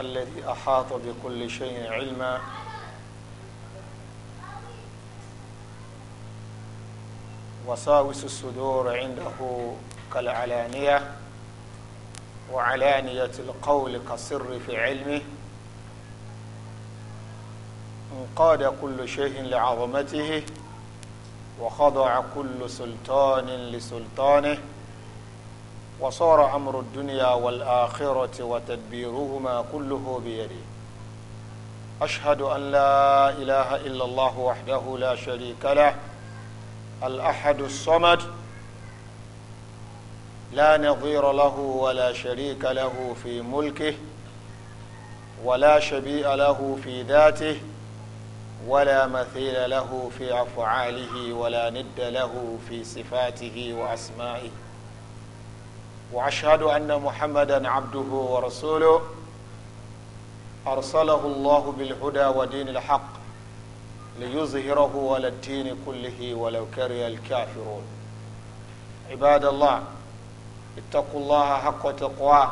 الذي أحاط بكل شيء علما وساوس الصدور عنده كالعلانية وعلانية القول كالسر في علمه انقاد كل شيء لعظمته وخضع كل سلطان لسلطانه وصار أمر الدنيا والآخرة وتدبيرهما كله بيده أشهد أن لا إله إلا الله وحده لا شريك له الأحد الصمد لا نظير له ولا شريك له في ملكه ولا شبيء له في ذاته ولا مثيل له في أفعاله ولا ند له في صفاته وأسمائه واشهد ان محمدا عبده ورسوله ارسله الله بالهدى ودين الحق ليظهره على الدين كله ولو كره الكافرون عباد الله اتقوا الله حق تقواه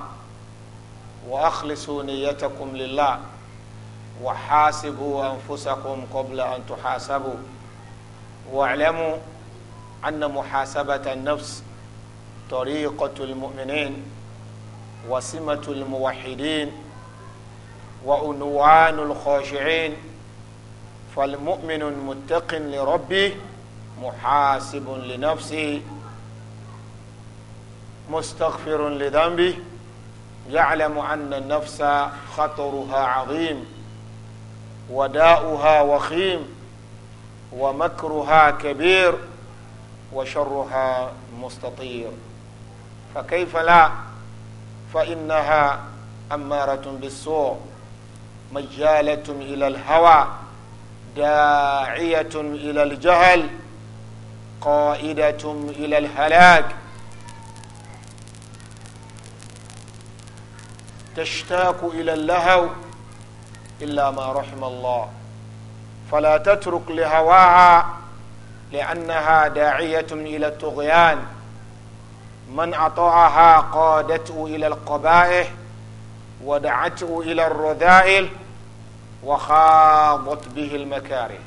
واخلصوا نيتكم لله وحاسبوا انفسكم قبل ان تحاسبوا واعلموا ان محاسبه النفس طريقة المؤمنين وسمة الموحدين وعنوان الخاشعين فالمؤمن متق لربه محاسب لنفسه مستغفر لذنبه يعلم أن النفس خطرها عظيم وداؤها وخيم ومكرها كبير وشرها مستطير فكيف لا فإنها أمارة بالسوء مجالة إلى الهوى داعية إلى الجهل قائدة إلى الهلاك تشتاق إلى اللهو إلا ما رحم الله فلا تترك لهواها لأنها داعية إلى الطغيان من أطاعها قادته إلى القبائح ودعته إلى الرذائل وخاضت به المكاره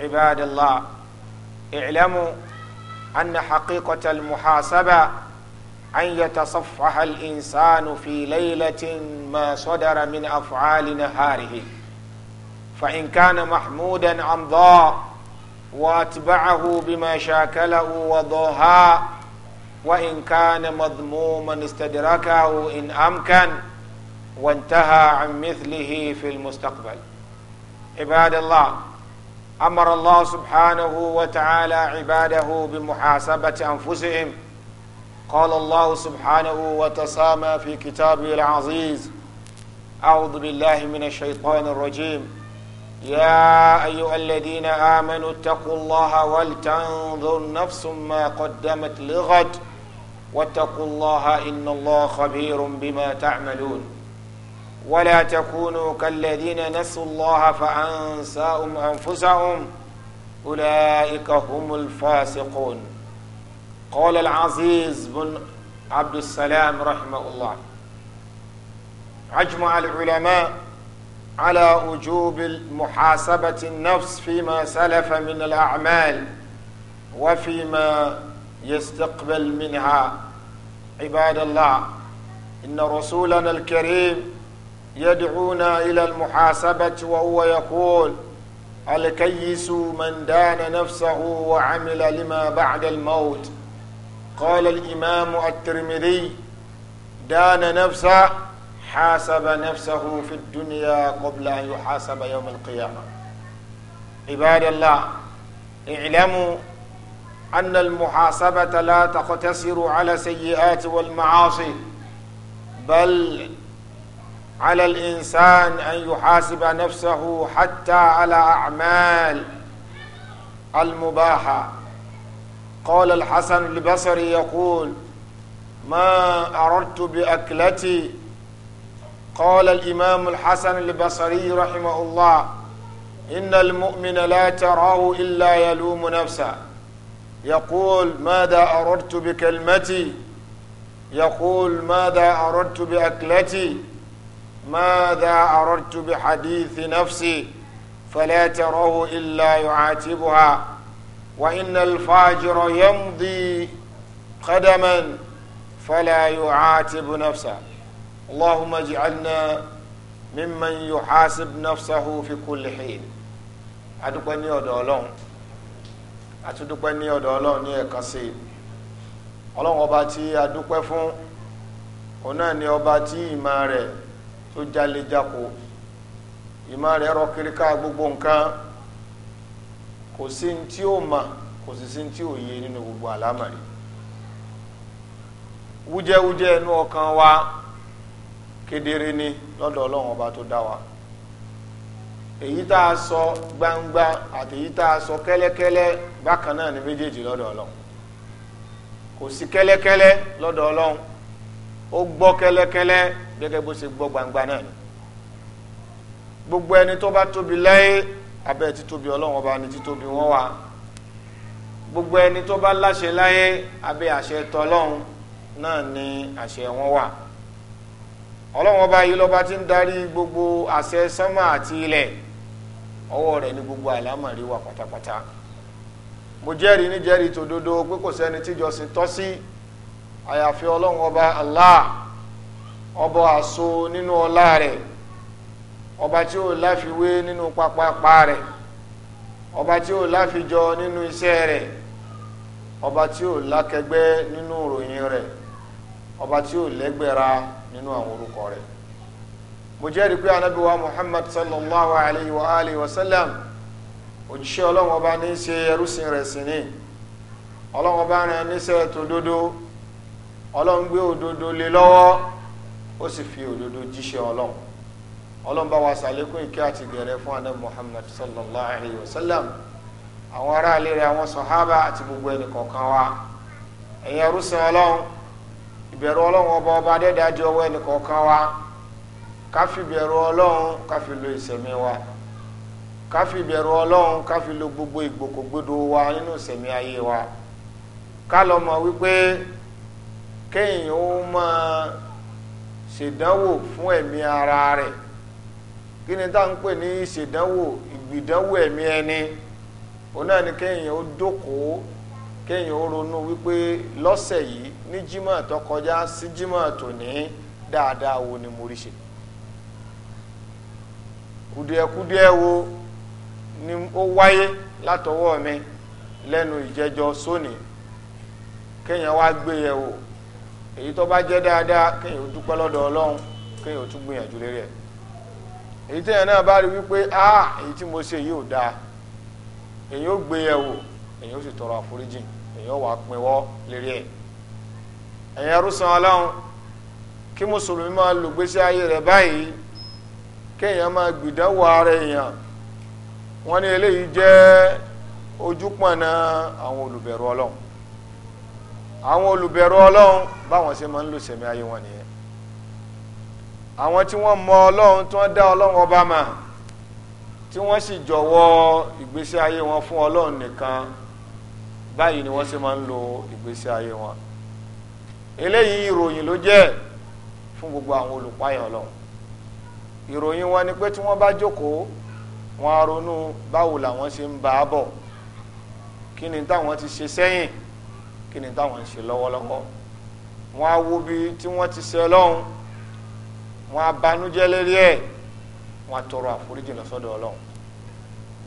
عباد الله اعلموا أن حقيقة المحاسبة أن يتصفح الإنسان في ليلة ما صدر من أفعال نهاره فإن كان محمودا عمضاء وأتبعه بما شاكله وضهاء وإن كان مذموما استدركه إن أمكن وانتهى عن مثله في المستقبل عباد الله أمر الله سبحانه وتعالى عباده بمحاسبة أنفسهم قال الله سبحانه وتسامى في كتابه العزيز أعوذ بالله من الشيطان الرجيم يا أيها الذين آمنوا اتقوا الله ولتنظر نفس ما قدمت لغد واتقوا الله إن الله خبير بما تعملون ولا تكونوا كالذين نسوا الله فأنساهم أنفسهم أولئك هم الفاسقون قال العزيز بن عبد السلام رحمه الله أجمع العلماء على وجوب محاسبة النفس فيما سلف من الأعمال وفيما يستقبل منها عباد الله إن رسولنا الكريم يدعونا إلى المحاسبة وهو يقول الكيس من دان نفسه وعمل لما بعد الموت قال الإمام الترمذي دان نفسه حاسب نفسه في الدنيا قبل أن يحاسب يوم القيامة عباد الله اعلموا أن المحاسبة لا تقتصر على سيئات والمعاصي بل على الإنسان أن يحاسب نفسه حتى على أعمال المباحة قال الحسن البصري يقول ما أردت بأكلتي قال الإمام الحسن البصري رحمه الله إن المؤمن لا تراه إلا يلوم نفسه يقول ماذا أردت بكلمتي يقول ماذا أردت بأكلتي ماذا أردت بحديث نفسي فلا تره إلا يعاتبها وإن الفاجر يمضي قدما فلا يعاتب نفسه اللهم اجعلنا ممن يحاسب نفسه في كل حين أدقني أدعو àtúndúpẹ́ ní ọ̀dọ̀ ọlọ́run ní ẹ̀kan sí i ọlọ́run tí a dúpẹ́ fún òun náà ni ọba tí ìmọ̀ rẹ̀ tó jalè jako ìmọ̀ rẹ̀ rọ kíríká gbogbo nǹkan kò sí ní tí ó kò sì sí ní tí yé nínú gbogbo àlámàrí wújẹ́wújẹ́ inú ọkàn wa kedere ni lọ́dọ̀ ọlọ́run ọba tó dá wa èyí tá a sọ gbangba àti èyí tá a sọ kẹ́lẹ́kẹ́lẹ́ bákan náà ní méjèèjì lọ́dọ̀ ọlọ́run kò sí kẹ́lẹ́kẹ́lẹ́ lọ́dọ̀ ọlọ́run ó gbọ́ kẹ́lẹ́kẹ́lẹ́ gẹ́gẹ́ bó ṣe gbọ́ gbangba náà ni gbogbo ẹni tó bá tóbi láyé abẹ́ títóbi ọlọ́run ọba ni títóbi wọn wà gbogbo ẹni tó bá láṣẹ láyé abẹ́ àṣẹ tọlọ́run náà ni àṣẹ wọn wà ọlọ́run ọba yìí lọ́ba ti ń darí gbogbo àṣẹ sánmà àti ilẹ̀ ọwọ́ rẹ̀ ní gbogbo àlámọ̀rí wa pátápátá mo jẹ́rìí ní jẹ́rìí tó dodo pé kò sẹ́ni tíjọsìn tọ́ sí àyàfi ọlọ́run ọba Allah ọba àso nínú ọlá rẹ̀ ọba tí ó láfiwé nínú pápápá rẹ̀ ọba tí ó láfijọ nínú iṣẹ́ rẹ̀ ọba tí ó lákẹgbẹ́ nínú ìròyìn rẹ̀ ọba tí ó lẹ́gbẹ̀ra nínú àwọn orúkọ rẹ̀ mo jẹ́rìí pé anábì wa muhammad sallallahu alayhi wa alihi wa sallam òjíṣẹ́ ọlọ́run ọba ní í ṣe ẹrúsìn rẹ̀ sí ni ọlọ́run ọba rẹ̀ níṣẹ́ tó dodo ọlọ́run gbé òdodo lé lọ́wọ́ ó sì fi òdodo jíṣẹ́ ọlọ́run ọlọ́run bá wa ṣàlékún ìkẹ́ àti gẹ̀rẹ́ fún anábì muhammad sallallahu alayhi wa sallam àwọn ará ilé rẹ̀ àwọn sọ̀hábà àti gbogbo ẹnì kọ̀ọ̀kan wa ẹ̀yin ẹrúsìn ọlọ́run ìbẹ̀rù ọlọ́run ọba ọba dẹ́dá di ọwọ́ ẹnì kọ̀ọ̀kan wa. ká fi bẹ̀rù ọlọ́run ká fi lo ìsẹ̀mí wa ká fi bẹ̀rù ọlọ́run ká fi lo gbogbo ìgbòkògbodò wa nínú ìsẹ̀mí ayé wa ká lọ mọ̀ wípé kéèyàn ó máa ṣèdánwò fún ẹ̀mí ara rẹ̀ kí ni tá ń pè ní ìṣèdánwò ìgbìdánwò ẹ̀mí ẹni òun náà ni kéèyàn ó jókòó kéèyàn ó ronú wípé lọ́sẹ̀ yìí ní jímọ̀ tó kọjá sí jímọ̀ tòní dáadáa wo ni mo rí ṣe. kùdìẹ̀kùdìẹ̀ wo ni ó wáyé látọwọ́ mi lẹ́nu ìjẹjọ sóní kéèyàn wá gbé e yẹ̀ wò èyí tó bá jẹ́ dáadáa kéèyàn ó dúpẹ́ lọ́dọ̀ ọlọ́run kéèyàn ó tún gbìyànjú lérí ẹ̀ èyí téèyàn náà bá rí wípé èyí tí mo ṣe yìí ò dáa èyí ó gbé e yẹ̀ wò èyí ó sì tọrọ àforíjì èyí ó wà pinwọ́ lérí ẹ̀ ẹ̀yin ọlọ́run kí mùsùlùmí máa lògbésí ayé rẹ̀ báyìí kéèyàn máa gbìdánwò ara èèyàn wọ́n ní eléyìí jẹ́ ojúpọ̀nà àwọn olùbẹ̀rù ọlọ́run àwọn olùbẹ̀rù ọlọ́run báwọn ṣe máa ń lò sẹ̀mí ayé wọn nìyẹn àwọn tí wọ́n mọ ọlọ́run tí wọ́n dá ọlọ́run ọba mà tí wọ́n sì jọ̀wọ́ ìgbésí ayé wọn fún ọlọ́run nìkan báyìí ni wọ́n ṣe máa ń lo ìgbésí ayé wọn eléyìí ìròyìn ló jẹ́ fún gbogbo àwọn olùpáyà ọlọ́run ìròyìn wọn ni pé tí wọ́n bá jókòó wọn á ronú báwo làwọn ṣe ń bá a bọ̀ kí ni táwọn ti ṣe sẹ́yìn kí ni táwọn ń ṣe lọ́wọ́lọ́wọ́ wọn á wo bí tí wọ́n ti ṣe lọ́hùn wọn á banújẹ́ lérí ẹ̀ wọn á tọrọ àforíjì lọ́sọ́dọ̀ ọlọ́run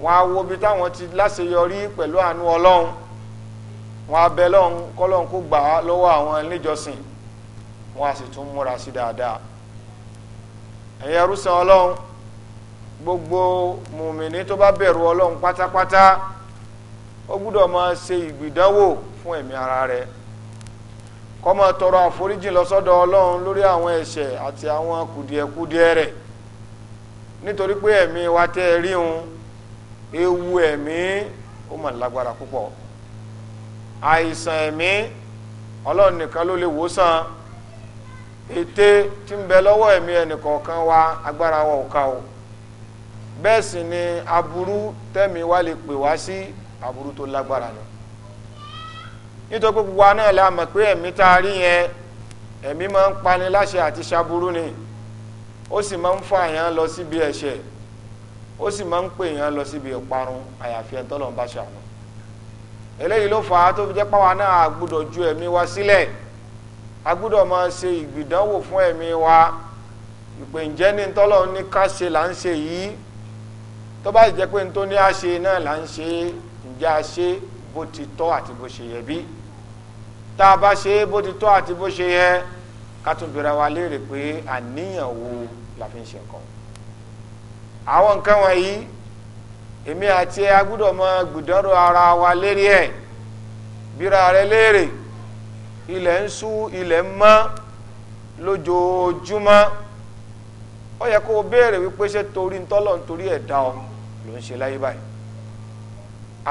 wọn á wo bí táwọn ti láṣeyọrí pẹ̀lú àánú ọlọ́run wọn á bẹ lọ́hùn kọ́lọ́hùn kó gbà á lọ́wọ́ àwọn níjọsìn wọn á sì tún múra sí dáadáa ẹ̀yẹ rúsan ọlọ́run gbogbo mùmìnì tó bá bẹ̀rù ọlọ́run pátápátá ó gbúdọ̀ máa ṣe ìgbìdánwò fún ẹ̀mí ara rẹ̀ kó máa tọrọ àforíjì lọ́sọ́dọ̀ ọlọ́run lórí àwọn ẹ̀ṣẹ̀ àti àwọn kùdìẹ̀kùdìẹ̀ rẹ̀ nítorí pé ẹ̀mí wa tẹ́ ẹ rí un ewu ẹ̀mí ó mà lágbára púpọ̀ àìsàn ẹ̀mí ọlọ́run nìkan ló lè wòsàn ète tí ń bẹ lọ́wọ́ ẹ̀mí ẹnìkọ̀ọ̀kan wa agbára wa ò ká o bẹ́ẹ̀ sì ni aburú tẹ́mi wá lè pè wá sí aburú tó lágbára ni nítorí pé gbogbo wa náà la mọ̀ pé ẹ̀mí tá a rí yẹn ẹ̀mí máa ń pani láṣẹ àti ṣaburú ni ó sì máa ń fa èèyàn lọ síbi ẹ̀ṣẹ̀ ó sì máa ń pè èèyàn lọ síbi ìparun àyàfi ẹni tọ́lọ́run bá ṣàánú eléyìí ló fà á tó fi jẹ́ pàwọn náà àgbọ́dọ̀ ju ẹ̀mí wa sílẹ̀ a gbúdọ̀ máa ṣe ìgbìdánwò fún ẹ̀mí wa ìpè ǹjẹ́ ní tọ́lọ̀ ní ká ṣe là ń ṣe yìí tó bá jẹ́ pé tó ní a ṣe náà là ń ṣe ǹjẹ́ a ṣe bó ti tọ́ àti bó ṣe yẹ bí tá a bá ṣe bó ti tọ́ àti bó ṣe yẹ ká tún bẹ̀rẹ̀ wa léèrè pé àníyàn wo la fi ń ṣe nǹkan àwọn nǹkan wọ̀nyí èmi àti ẹ a gbìdánwò ara wa lérí ẹ̀ bíra rẹ léèrè ilẹ̀ ń sú ilẹ̀ ń mọ́ lójoojúmọ́ ó yẹ kó o béèrè wípé ṣé torí ntọ́lọ̀ nítorí ẹ̀dá ọ ló ń ṣe láyé báyìí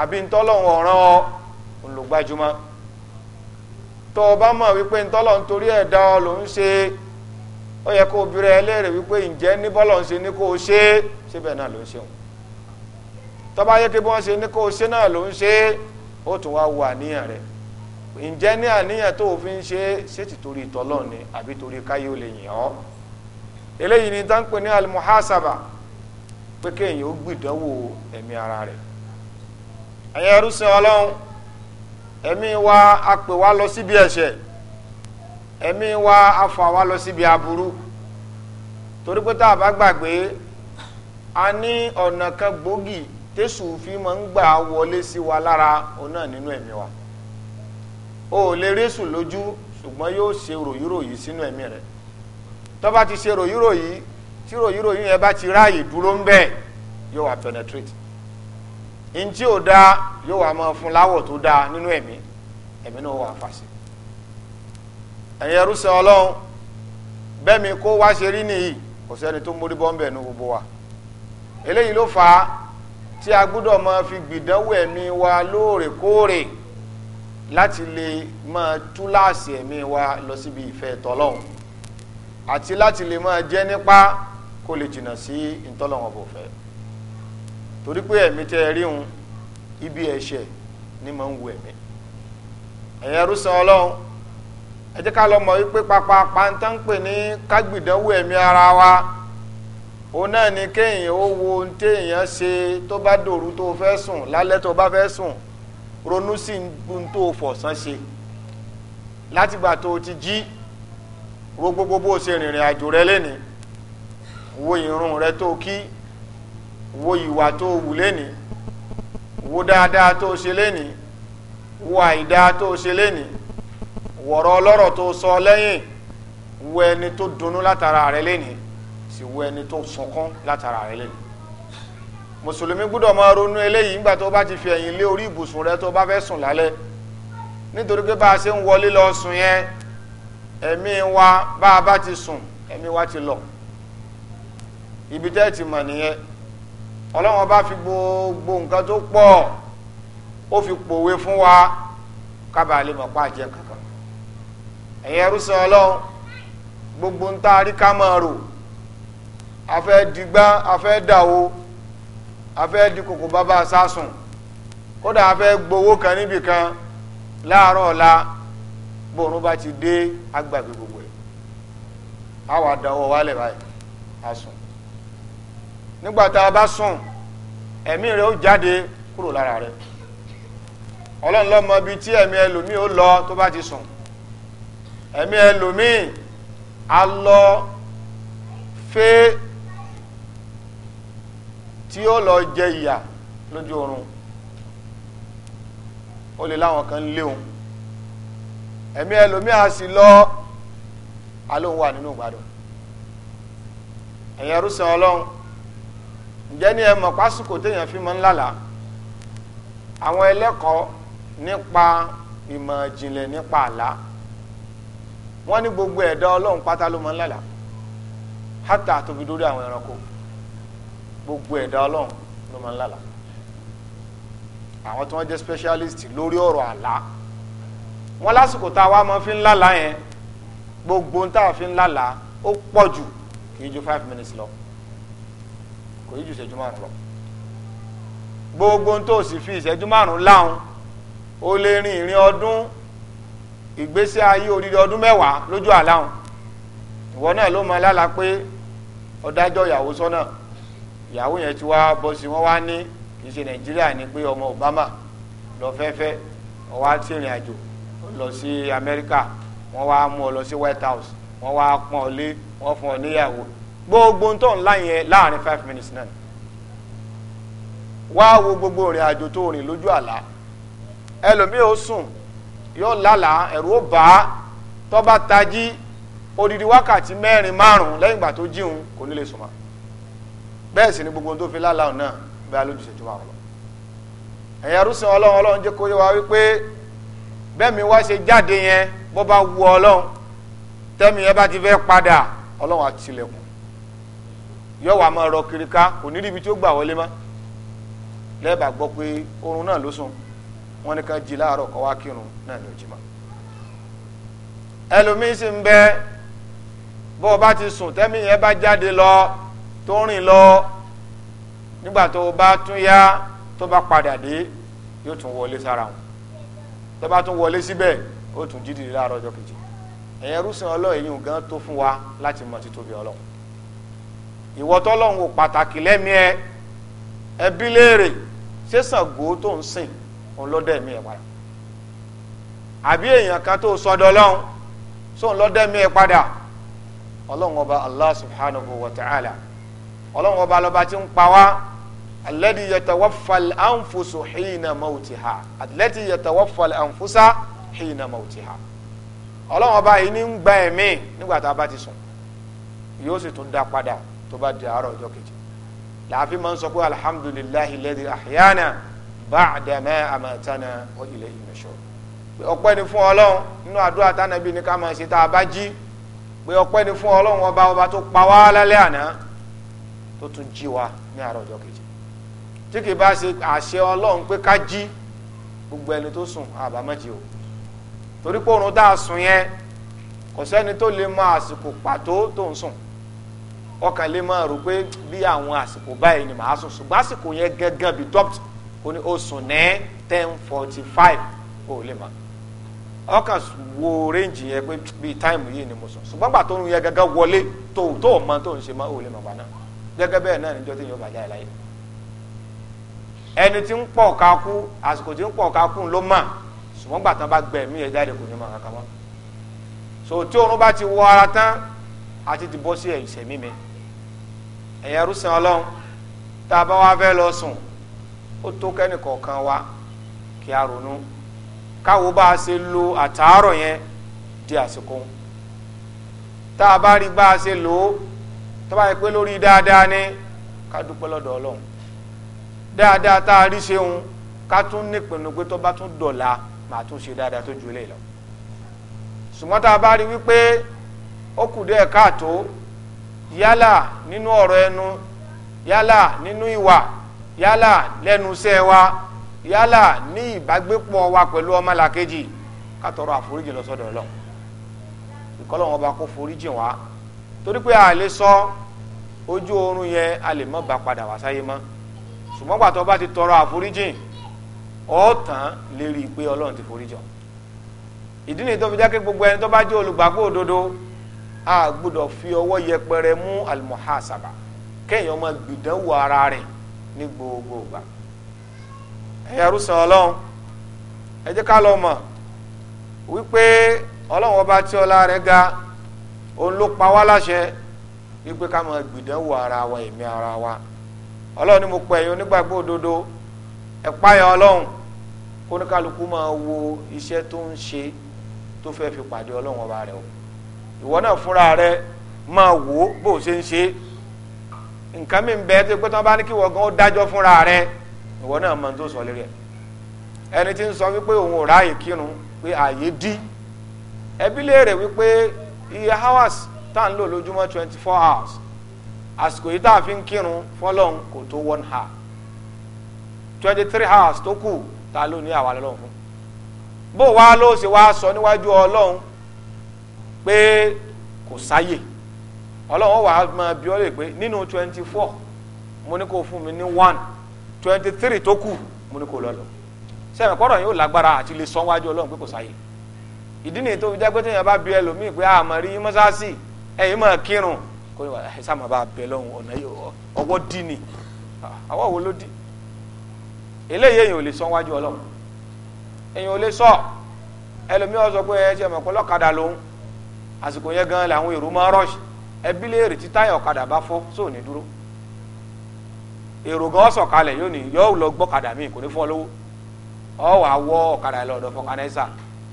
àbí ntọ́lọ̀ ọ̀ràn ọ ń lò gbájúmọ́ tó o bá mọ̀ wípé ntọ́lọ̀ nítorí ẹ̀dá ọ ló ń ṣe ó yẹ kó o béèrè ẹlẹ́rè wípé ǹjẹ́ ní bọ́lọ̀ ń ṣe ní kó o ṣe é síbẹ̀ náà ló ń ṣeun tọ́ba yẹ kí bí wọ́n ṣe ní kó o ṣe náà ló ń ṣe é ó tún wá wo àníyàn rẹ̀ ǹjẹ́ ní àníyàn tó fi ń ṣe ṣètì torí tọ́lọ́ọ̀ ni àbí torí káyé ó lè yìn ọ́ eléyìí ni tá ń pè ní almuhasaba pé kéèyàn ó gbìdánwò ẹ̀mí ara rẹ̀ ẹ̀yẹ rúṣin ọlọ́run ẹ̀mí wa a pè wá lọ síbi ẹ̀ṣẹ̀ ẹ̀mí wa a fà wá lọ síbi aburú torí pé tá a bá gbàgbé a ní ọ̀nà kan gbòógì tẹ́sù fi máa ń gbà wọlé sí wa lára òun náà nínú ẹ̀mí wa. o ò lè résù lójú ṣùgbọ́n yóò ṣe ròyìnròyìn sínú ẹ̀mí rẹ̀ tó bá ti ṣe ròyìnròyìn tí ròyìnròyìn yẹn bá ti ráàyè dúró ń bẹ́ẹ̀ yóò wá penetrate n tí ò dáa yóò wá máa fún láwọ̀ tó dáa nínú ẹ̀mí ẹ̀mí náà wà fàṣẹ. ẹ̀yin ẹrú sàn ọlọ́run bẹ́ẹ̀ kó wá ṣe rí nìyí kò sẹ́ni tó mórí bọ́ńbẹ̀ nu gbogbo wa eléyìí ló fà á tí a gbọ́dọ̀ máa fi gbìdánwò ẹ̀mí wa lóòrèkóòrè láti lè máa túláàsì ẹ̀mí wa lọ síbi ìfẹ́ tọ́lọ́hún àti láti lè máa jẹ́ nípa kó lè jìnnà sí ìtọ́lọ́hún bó fẹ́ torí pé ẹ̀mí tẹ́ ẹ ríhun ibi ẹ̀ṣẹ̀ ni máa ń wu ẹ̀mí ẹ̀yẹ rúsan ọlọ́run ẹ jẹ́ ká lọ mọ̀ wípé pápá pàǹtá ń pè ní kágbìdánwò ẹ̀mí ara wa òun náà ni kéèyàn ó wo ohun téèyàn ṣe tó bá dòru tó fẹ́ sùn lálẹ́ tó bá fẹ́ sùn ronú sí n tó fọ̀sán ṣe látìgbà tó ti jí ro gbogbo bó ṣe rìnrìn àjò rẹ lẹ́ni wo ìrun rẹ tó kí wo ìwà tó wù lẹ́ni wo dáadáa tó ṣe lẹ́ni wo àìdáa tó ṣe lẹ́ni wọ̀rọ̀ ọlọ́rọ̀ tó sọ lẹ́yìn wo ẹni tó dunnú látara rẹ lẹ́ni sì wo ẹni tó sọkún látara rẹ lẹ́ni mùsùlùmí gbúdọ̀ máa ronú eléyìí nígbà tó bá ti fi ẹ̀yìn lé orí ibùsùn rẹ tó bá fẹ́ sùn lálẹ́ nítorí pé bá a ṣe ń wọlé lọ sùn yẹn ẹ̀mí wa bá a bá ti sùn ẹ̀mí wa ti lọ ibi tẹ́ ti mọ̀ nìyẹn ọlọ́wọ́n bá fi gbogbo nǹkan tó pọ̀ ó fi pòwe fún wa kábà lè mọ̀ pa àjẹ kankan ẹ̀yẹ rúṣọ ọlọ́run gbogbo ń tá a máa rò afẹ́ digbá afẹ́ dàwó afẹ́ di kòkò bàbá sásùn kódà afẹ́ gbowó kan níbì kan láàárọ̀ ọ̀la bóun bá ti dé agbàgbé gbogbo ẹ̀ á wà dánwò wálẹ̀ báyìí á sùn nígbà tá a bá sùn ẹ̀mí rẹ̀ ó jáde kúrò lára rẹ̀ ọlọ́run lọ́mọ ibi tí ẹ̀mí ẹlòmíì ó lọ tó bá ti sùn ẹ̀mí ẹlòmíì á lọ fẹ́ẹ́ tí ó lọ jẹ ìyà lójú oorun ó lè láwọn kan léun ẹ̀mí ẹlòmí a sì lọ alóhun wà nínú ìgbádùn ẹ̀yẹ rúsàn ọlọ́run ǹjẹ́ ní ẹ mọ̀ pásìkò téèyàn fi mọ́ ńlálà àwọn ẹlẹ́kọ̀ọ́ nípa ìmọ̀ ìjìnlẹ̀ nípa àlá gbogbo ọlọ́run pátá ló mọ́ àwọn gbogbo ẹ̀dá ọlọ́run ló máa ń lálà àwọn tí wọ́n jẹ́ specialist lórí ọ̀rọ̀ àlá wọ́n lásìkò tá a wá máa fi ń lálà yẹn gbogbo ń tá a fi ń lálà ó pọ̀ jù kì í ju five minutes lọ kò í ju ìṣẹ́jú márùn lọ gbogbo ń tó sì fi ìṣẹ́jú márùn láhùn ó lè rin ìrìn ọdún ìgbésí ayé odidi ọdún mẹ́wàá lójú àláhùn ìwọ náà ló máa lálà pé ọdájọ́ ìyàwó sọ́nà. So ìyàwó yẹn ti wá bọ́ sí wọ́n wá ní ìṣe nàìjíríà ni pé ọmọ obama lọ fẹ́fẹ́ ó wá sí ìrìn àjò lọ sí amẹ́ríkà wọ́n wá mú ọ lọ sí white house wọ́n wá pọ́n ọ lé wọ́n fún ọ níyàwó gbogbo ń tọ̀ ńlá yẹn láàrin five minutes náà wá wo gbogbo ìrìn àjò tó rìn lójú àlá ẹlòmíì ó sùn yóò lálàá ẹ̀rù ó bá tó bá tají odidi wákàtí mẹ́rin márùn-ún lẹ́yìn ìgbà tó jíun kò ní lè sùn mọ́ bẹ́ẹ̀ sì ni gbogbo tó fi láláhùn náà bẹ́ alójúṣe tó wà lọ ẹ̀yẹ rúsìn ọlọ́run ọlọ́run jẹ́ kó yé wa wípé mi wá ṣe jáde yẹn bó bá wu ọlọ́run tẹ́mi yẹn bá ti fẹ́ padà ọlọ́run àtìlẹ̀kùn yọ wà máa rọ kiri kò ní ríbi gbà wọlé gbọ́ pé oorun náà ló sùn jí láàárọ̀ kọ́ wá kírun náà ló jí mọ́ tó rìn lọ nígbà tó bá tún yá tó bá padà dé yóò tún wọlé sára wọn tó bá tún wọlé síbẹ̀ ó tún jí dìde láàárọ̀ ọjọ́ kejì gan tó fún wa láti mọ títóbi ọlọ́run ìwọ tọ́lọ́run pàtàkì lẹ́mí ẹ ẹbí léèrè tó ń sìn òun padà àbí èèyàn kan tó ọlọ́run sóun ọlọ́run ọba lọ́ba tí ń pa wá alẹ́dí yatawaffal anfusu hìnà mawtiha alẹ́dí yatawaffal anfusa hìnà mawtiha ọlọ́run ọba yìí ní ń gba ẹ̀mí nígbà tá a bá ti sùn yóò sì tún dá padà tó bá di àárọ̀ ọjọ́ kejì làáfi máa ń sọ pé alhamdulillahi alladhi ahyana ba'dama amatana wa ilayhin nushur ọpẹ́ ni fún ọlọ́run nínú àdúrà tánàbí ní ká máa ṣe tá a bá jí pé ọpẹ́ ni fún ọlọ́run ọba ọba tó pa wá lálẹ́ àná tó tún jí wa ní àárọ̀ ọjọ́ kejì tí kì í bá gbogbo ẹni tó sùn àbámẹ́jì o torí pé oorun tá sùn yẹn kò sẹ́ni tó lè mọ àsìkò pàtó tó ń sùn ọkàn lè máa rò pé bí àwọn àsìkò báyìí ni màá sùn ṣùgbọ́n àsìkò yẹn gángan bí dọ́pt ní o sùn ní ten forty five ó lè mọ ọkàn wo ni mo sùn gbà tó ń yẹ gángan wọlé tó tó mọ tó ń ṣe mọ́ lè mọ̀ gbà náà. gẹ́gẹ́ bẹ́ẹ̀ náà níjọ́ tí yóò bá jáde láyé ẹni tí ń pọ̀ ká kú àsìkò tí ń pọ̀ ká kú ló mà ṣùgbọ́n gbà tán bá gbẹ mí ẹ jáde kò ní mọ̀ kankan mọ́ so tí oorun bá ti wọ ara tán àti ti bọ́ sí ìṣẹ̀mí mi ẹ̀yẹ rúṣin ọlọ́run tá a bá wá fẹ́ lọ sùn ó tó kẹ́nìkọ̀ọ̀kan wa kí a ronú káwo bá a ṣe lo àtàárọ̀ yẹn di àsìkò tá a bá rí bá a ṣe lò ó tó bá pé lórí dáadáa ní ká dúpẹ́ ọlọ́run dáadáa tá a rí ka ká tún nípinnu pé tó bá tún dọ̀la màá tún ṣe dáadáa tó ju lọ sùgbọ́n tá a bá rí wípé ó kù díẹ̀ káàtó yálà nínú ọ̀rọ̀ ẹnu yálà nínú ìwà wa yálà ní wa pẹ̀lú ká tọrọ àforíjì lọ sọ́dọ̀ ọlọ́run ọba kó foríjì wá torí pé a lè sọ ojú oorun yẹn a lè mọ́ bá padà wá sáyé mọ́ ṣùgbọ́n pàtó bá ti tọrọ àforíjìn ọ̀ọ́tàn lè rí i pé ọlọ́run ti foríjọ ìdí nìyí tó fi jákè gbogbo ẹni tó bá jẹ́ olùgbàgbọ́ òdodo a gbọ́dọ̀ fi ọwọ́ yẹpẹrẹ mú almuhasaba kéèyàn máa gbìdánwò ara rẹ̀ ní gbogbo ìgbà ẹ̀yà rúṣan ọlọ́run ẹ jẹ́ ká lọ mọ̀ wípé ọlọ́run ọba tí ọlá rẹ̀ ga òun ló pa wá láṣẹ wípé ká ara wa ẹ̀mí ara wa ọlọ́run ni mo pẹ̀ yín onígbàgbọ́ òdodo ẹ̀páyà ọlọ́run kóníkálukú máa wo iṣẹ́ tó ń ṣe tó fẹ́ fi pàdé ọlọ́run ọba rẹ o ìwọ náà fúnra rẹ máa wò ó ṣe ń ṣe nǹkan bẹ tó pé tí bá rẹ ìwọ náà mọ tó sọ lórí ẹni tí ń sọ wípé òun ò ráàyè kírun pé ààyè dí iye hours tá ń lò lójúmọ́ twenty four hours àsìkò yìí tá a fi ń kírun fọlọ́n kò tó one hour twenty three hours tó ta ló ní àwa lọ́lọ́run fún bó wa ló ṣe wá sọ níwájú ọlọ́run pé kò sáyè ọlọ́run wà máa bi ọ́ lè pé nínú twenty four mo ní kó fún mi ní one twenty three tó kù mo ní kó lọ lọ sẹ́yìn kọ́rọ̀ yóò lágbára àti lè ìdí ni tó fi pé bá bí ẹlòmíì pé ah, àmọ́ rí mọ́sáàsì ẹ̀yìn mọ̀ kírun kó wà ẹ̀ sáà máa bá bẹ̀ lọ́hùn ọ̀nà ọwọ́ dí ni ah, wo ló dì eléyìí èyàn ò lè sọ wájú ọlọ́run èyàn ò sọ ẹlòmíì pé pé lòun àsìkò yẹn gan làwọn èrò máa rọ́ọ̀ṣì ẹbí táyà ọ̀kadà bá fọ́ sóò ní dúró èrò gan yóò ní lọ gbọ́kadà míì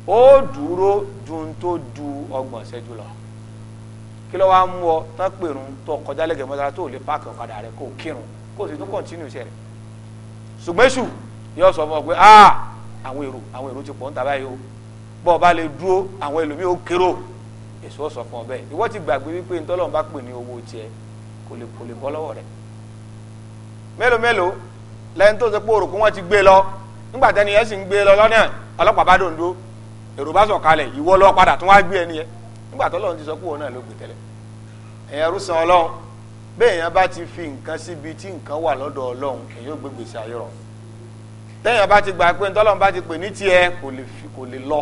ó dúró ju n tó ju ọgbọ̀n ṣẹ́jú lọ kí ló wá mú ọ tán pèrún tó kọjá lẹ́gẹ̀ẹ́ mọ́tàlá tó lè páàkì ọ̀kadà rẹ kó kírun kó o sì tún kọ́ntínú iṣẹ́ rẹ ṣùgbọ́n èṣù yóò sọ fún ọ pé ah àwọn èrò àwọn èrò ti pọ̀ ń ta báyìí o bọ́ ọ bá lè dúró àwọn ẹlòmíì ó kérò èṣù ó sọ fún ọ bẹ́ẹ̀ ìwọ ti gbàgbé wípé ntọ́lọ́run bá pè ní owó tiẹ̀ kò lè kò lè bọ́ lọ́wọ́ rẹ̀ mélòó mélòó lẹ́yìn tó ṣe pé òròkú wọn ti gbé lọ nígbà tẹ́ni ń gbé lọ lọ́nà ọlọ́pàá bá dòǹdó èrò bá sọ̀kalẹ̀ ìwọ lọ padà tó wá gbé ẹni yẹn nígbà tó lọ́run ti sọ pé náà ló gbé tẹ́lẹ̀ bá ti fi nǹkan síbi tí nǹkan wà lọ́dọ̀ ọlọ́run èyí ò gbé gbèsè ayọ̀rọ̀ tẹ́yàn bá ti gbà pé ntọ́lọ́run bá ti pè ní tiẹ̀ kò lè lọ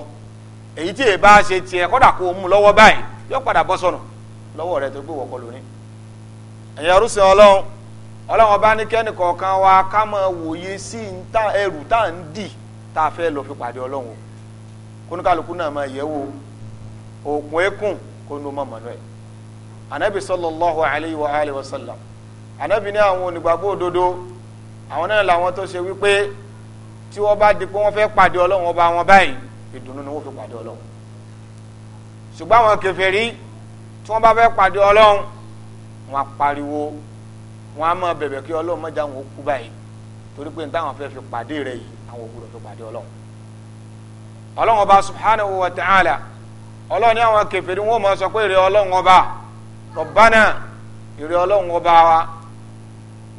èyí tí èyí bá ṣe tiẹ̀ kọ́dà kó mú lọ́wọ́ báyìí yóò padà bọ́ kónúkàlùkù náà máa yẹ̀ wò òkun ekun kó nu mọ́ mọ́nú ẹ̀ anabi sallallahu alayhi wa alayhi wa sallam anabi ní àwọn onígbàgbọ́ òdodo àwọn náà làwọn tó ṣe wípé tí wọ́n bá di pé wọ́n fẹ́ pàdé ọlọ́run ọba wọn báyìí ìdùnnú ni wọ́n fi pàdé ọlọ́run ṣùgbọ́n àwọn kèfèrí tí wọ́n bá fẹ́ pàdé ọlọ́run wọn pariwo wọn á máa bẹ̀bẹ̀ kí ọlọ́run má jẹ́ kú báyìí torí pé ní táwọn fẹ́ fi pàdé rẹ̀ yìí àwọn ò fi pàdé ọlọ́run ọlọ́run ọba subhanahu wa ta'ala ọlọ́run ní àwọn kèfèrí wọn máa sọ pé ìrẹ ọlọ́run ọba rọ̀bánà ìrẹ ọlọ́run ọba wa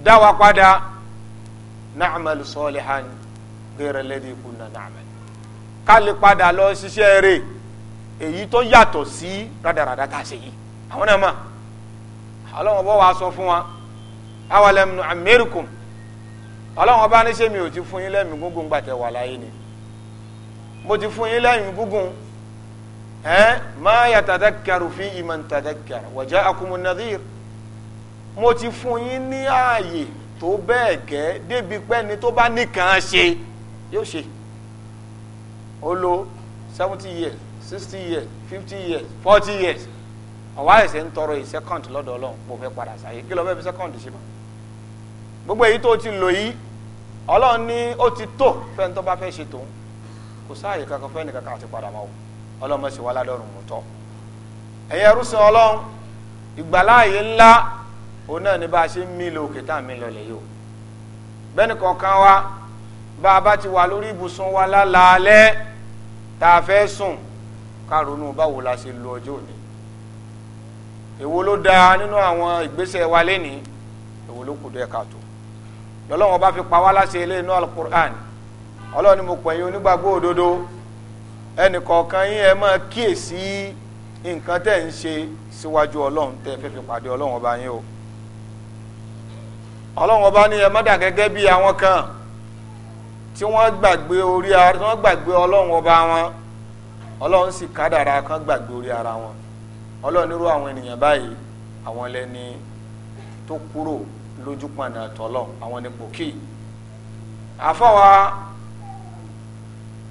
dá wa padà na'mal salihan ghayra alladhi kunna na'mal ká lè padà lọ ṣiṣẹ́ rẹ̀ èyí tó yàtọ̀ sí rádaràdà tá a ṣe yìí àwọn náà mà ọlọ́run ọba wa sọ fún wa awalam nu'ammirkum ọlọ́run ọba ní ṣé mi ò ti fún yín lẹ́mìí gbogbo ńgbà tẹ wà láyé ni mo ti fún yín lẹ́yìn gúngùn ẹ́n ma yatadakkaru fihi man tadakkara wa ja'akumun nadhir mo ti fún yín ní ààyè tó bẹ́ẹ̀ gẹ́ débi pẹ́ni tó bá nìkan ṣe yóò ṣe ó lo seventy years sixty years fifty years forty years àwa ẹ̀sẹ̀ ń tọrọ yìí second lọ́dọ̀ ọlọ́run mo fẹ́ padà sáyé kí ló fẹ́ fi second ṣe mọ́ gbogbo èyí tó ti lò yìí ọlọ́run ní ó ti tó fẹ́ni tó bá fẹ́ ṣe tòun kò sáàyè kankan fẹ́ nìkankan àti padà máa wò ọlọ́mọ sì wá ládọ́rùn mú tọ́ ẹ̀yẹ rúṣin ọlọ́run ìgbàláàyè ńlá òun náà ní bá a ṣe ń mí lò òkè tá à ń mí lọlẹ̀ yìí o bẹ́ẹ̀ni kọ̀ọ̀kan wa bá a bá ti wà lórí ibùsùn wa lálaalẹ́ tá a fẹ́ sùn ká ronú báwo la ṣe lo ọjọ́ òní èwo ló dáa nínú àwọn ìgbésẹ̀ wa lénìí èwo ló kù dé káàtó lọ́lọ́wọ́n bá fi pa wá láṣẹ ilé inú alukur'an ọlọ́run mo pẹ̀yìn onígbàgbọ́ òdodo ẹnì kọ̀ọ̀kan yín ẹ máa kíyèsí nǹkan tẹ̀ ń ṣe síwájú ọlọ́run tẹ́ fẹ́ fi pàdé ọlọ́run ọba yín o ọlọ́run ọba ní ẹ má dà gẹ́gẹ́ bí àwọn kan tí wọ́n gbàgbé orí ara tí wọ́n gbàgbé ọlọ́run ọba wọn ọlọ́run sì kádàrá kan gbàgbé orí ara wọn ọlọ́run nírú àwọn ènìyàn báyìí àwọn lẹ́ni tó kúrò lójúpọ̀nà tọ́lọ̀ àwọn ni pòkì àfọwọ́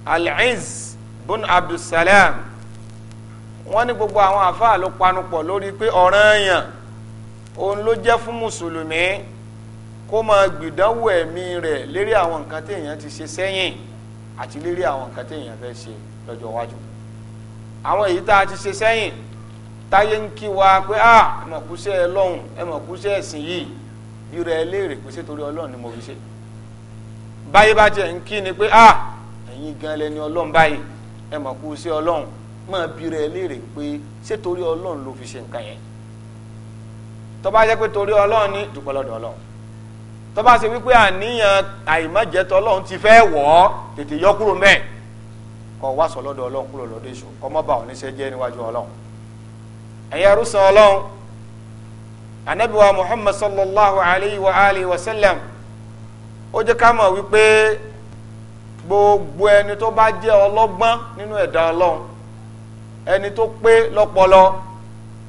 al-Izz bun Abdulsalam wọ́n ní gbogbo àwọn àfáà ló panupọ̀ lórí pé ọ̀ranyàn òun ló jẹ́ fún mùsùlùmí kó máa gbìdánwò ẹ̀mí rẹ̀ lérí àwọn nǹkan téèyàn ti ṣe sẹ́yìn àti lérí àwọn nǹkan téèyàn fẹ́ ṣe lọ́jọ́ iwájú àwọn èyí tá a ti ṣe sẹ́yìn táyé ń kí wa pé à ẹ̀mọ̀kúṣẹ́ ẹlọ́hùn ẹ̀mọ̀kúṣẹ́ ẹ̀sìn yìí bí rẹ̀ léèrè pé ṣé torí ọlọ́run ni mo fi ṣe báyé bá jẹ́ ń kí ni pé à ẹ̀yin gan lẹni ọlọ́run báyìí ẹ mọ̀ kú sí ọlọ́run máa bira ẹ léèrè pé ṣé torí ọlọ́run ló fi ṣe nǹkan yẹn tó bá jẹ́ pé torí ọlọ́run ní dúpẹ́ lọ́dọ̀ ọlọ́run tó bá ṣe wípé àníyàn àìmọ̀jẹ̀tọ̀ ọlọ́run ti fẹ́ wọ̀ ọ́ tètè yọ kúrò mẹ́ẹ̀ kọ́ wá sọ lọ́dọ̀ ọlọ́run kúrò lọ́dọ̀ èṣù kọ́ mọ́ bá wọn níṣẹ́ jẹ́ níwájú ọlọ́run ẹ̀yin arúsàn ọlọ́run anabiwa muhammad sallallahu alayhi wa alihi wa sallam ó jẹ́ ká mọ̀ wípé gbogbo ẹni tó bá jẹ́ ọlọ́gbọ́n nínú ẹ̀dá ọlọ́run ẹni tó pé lọ́pọlọ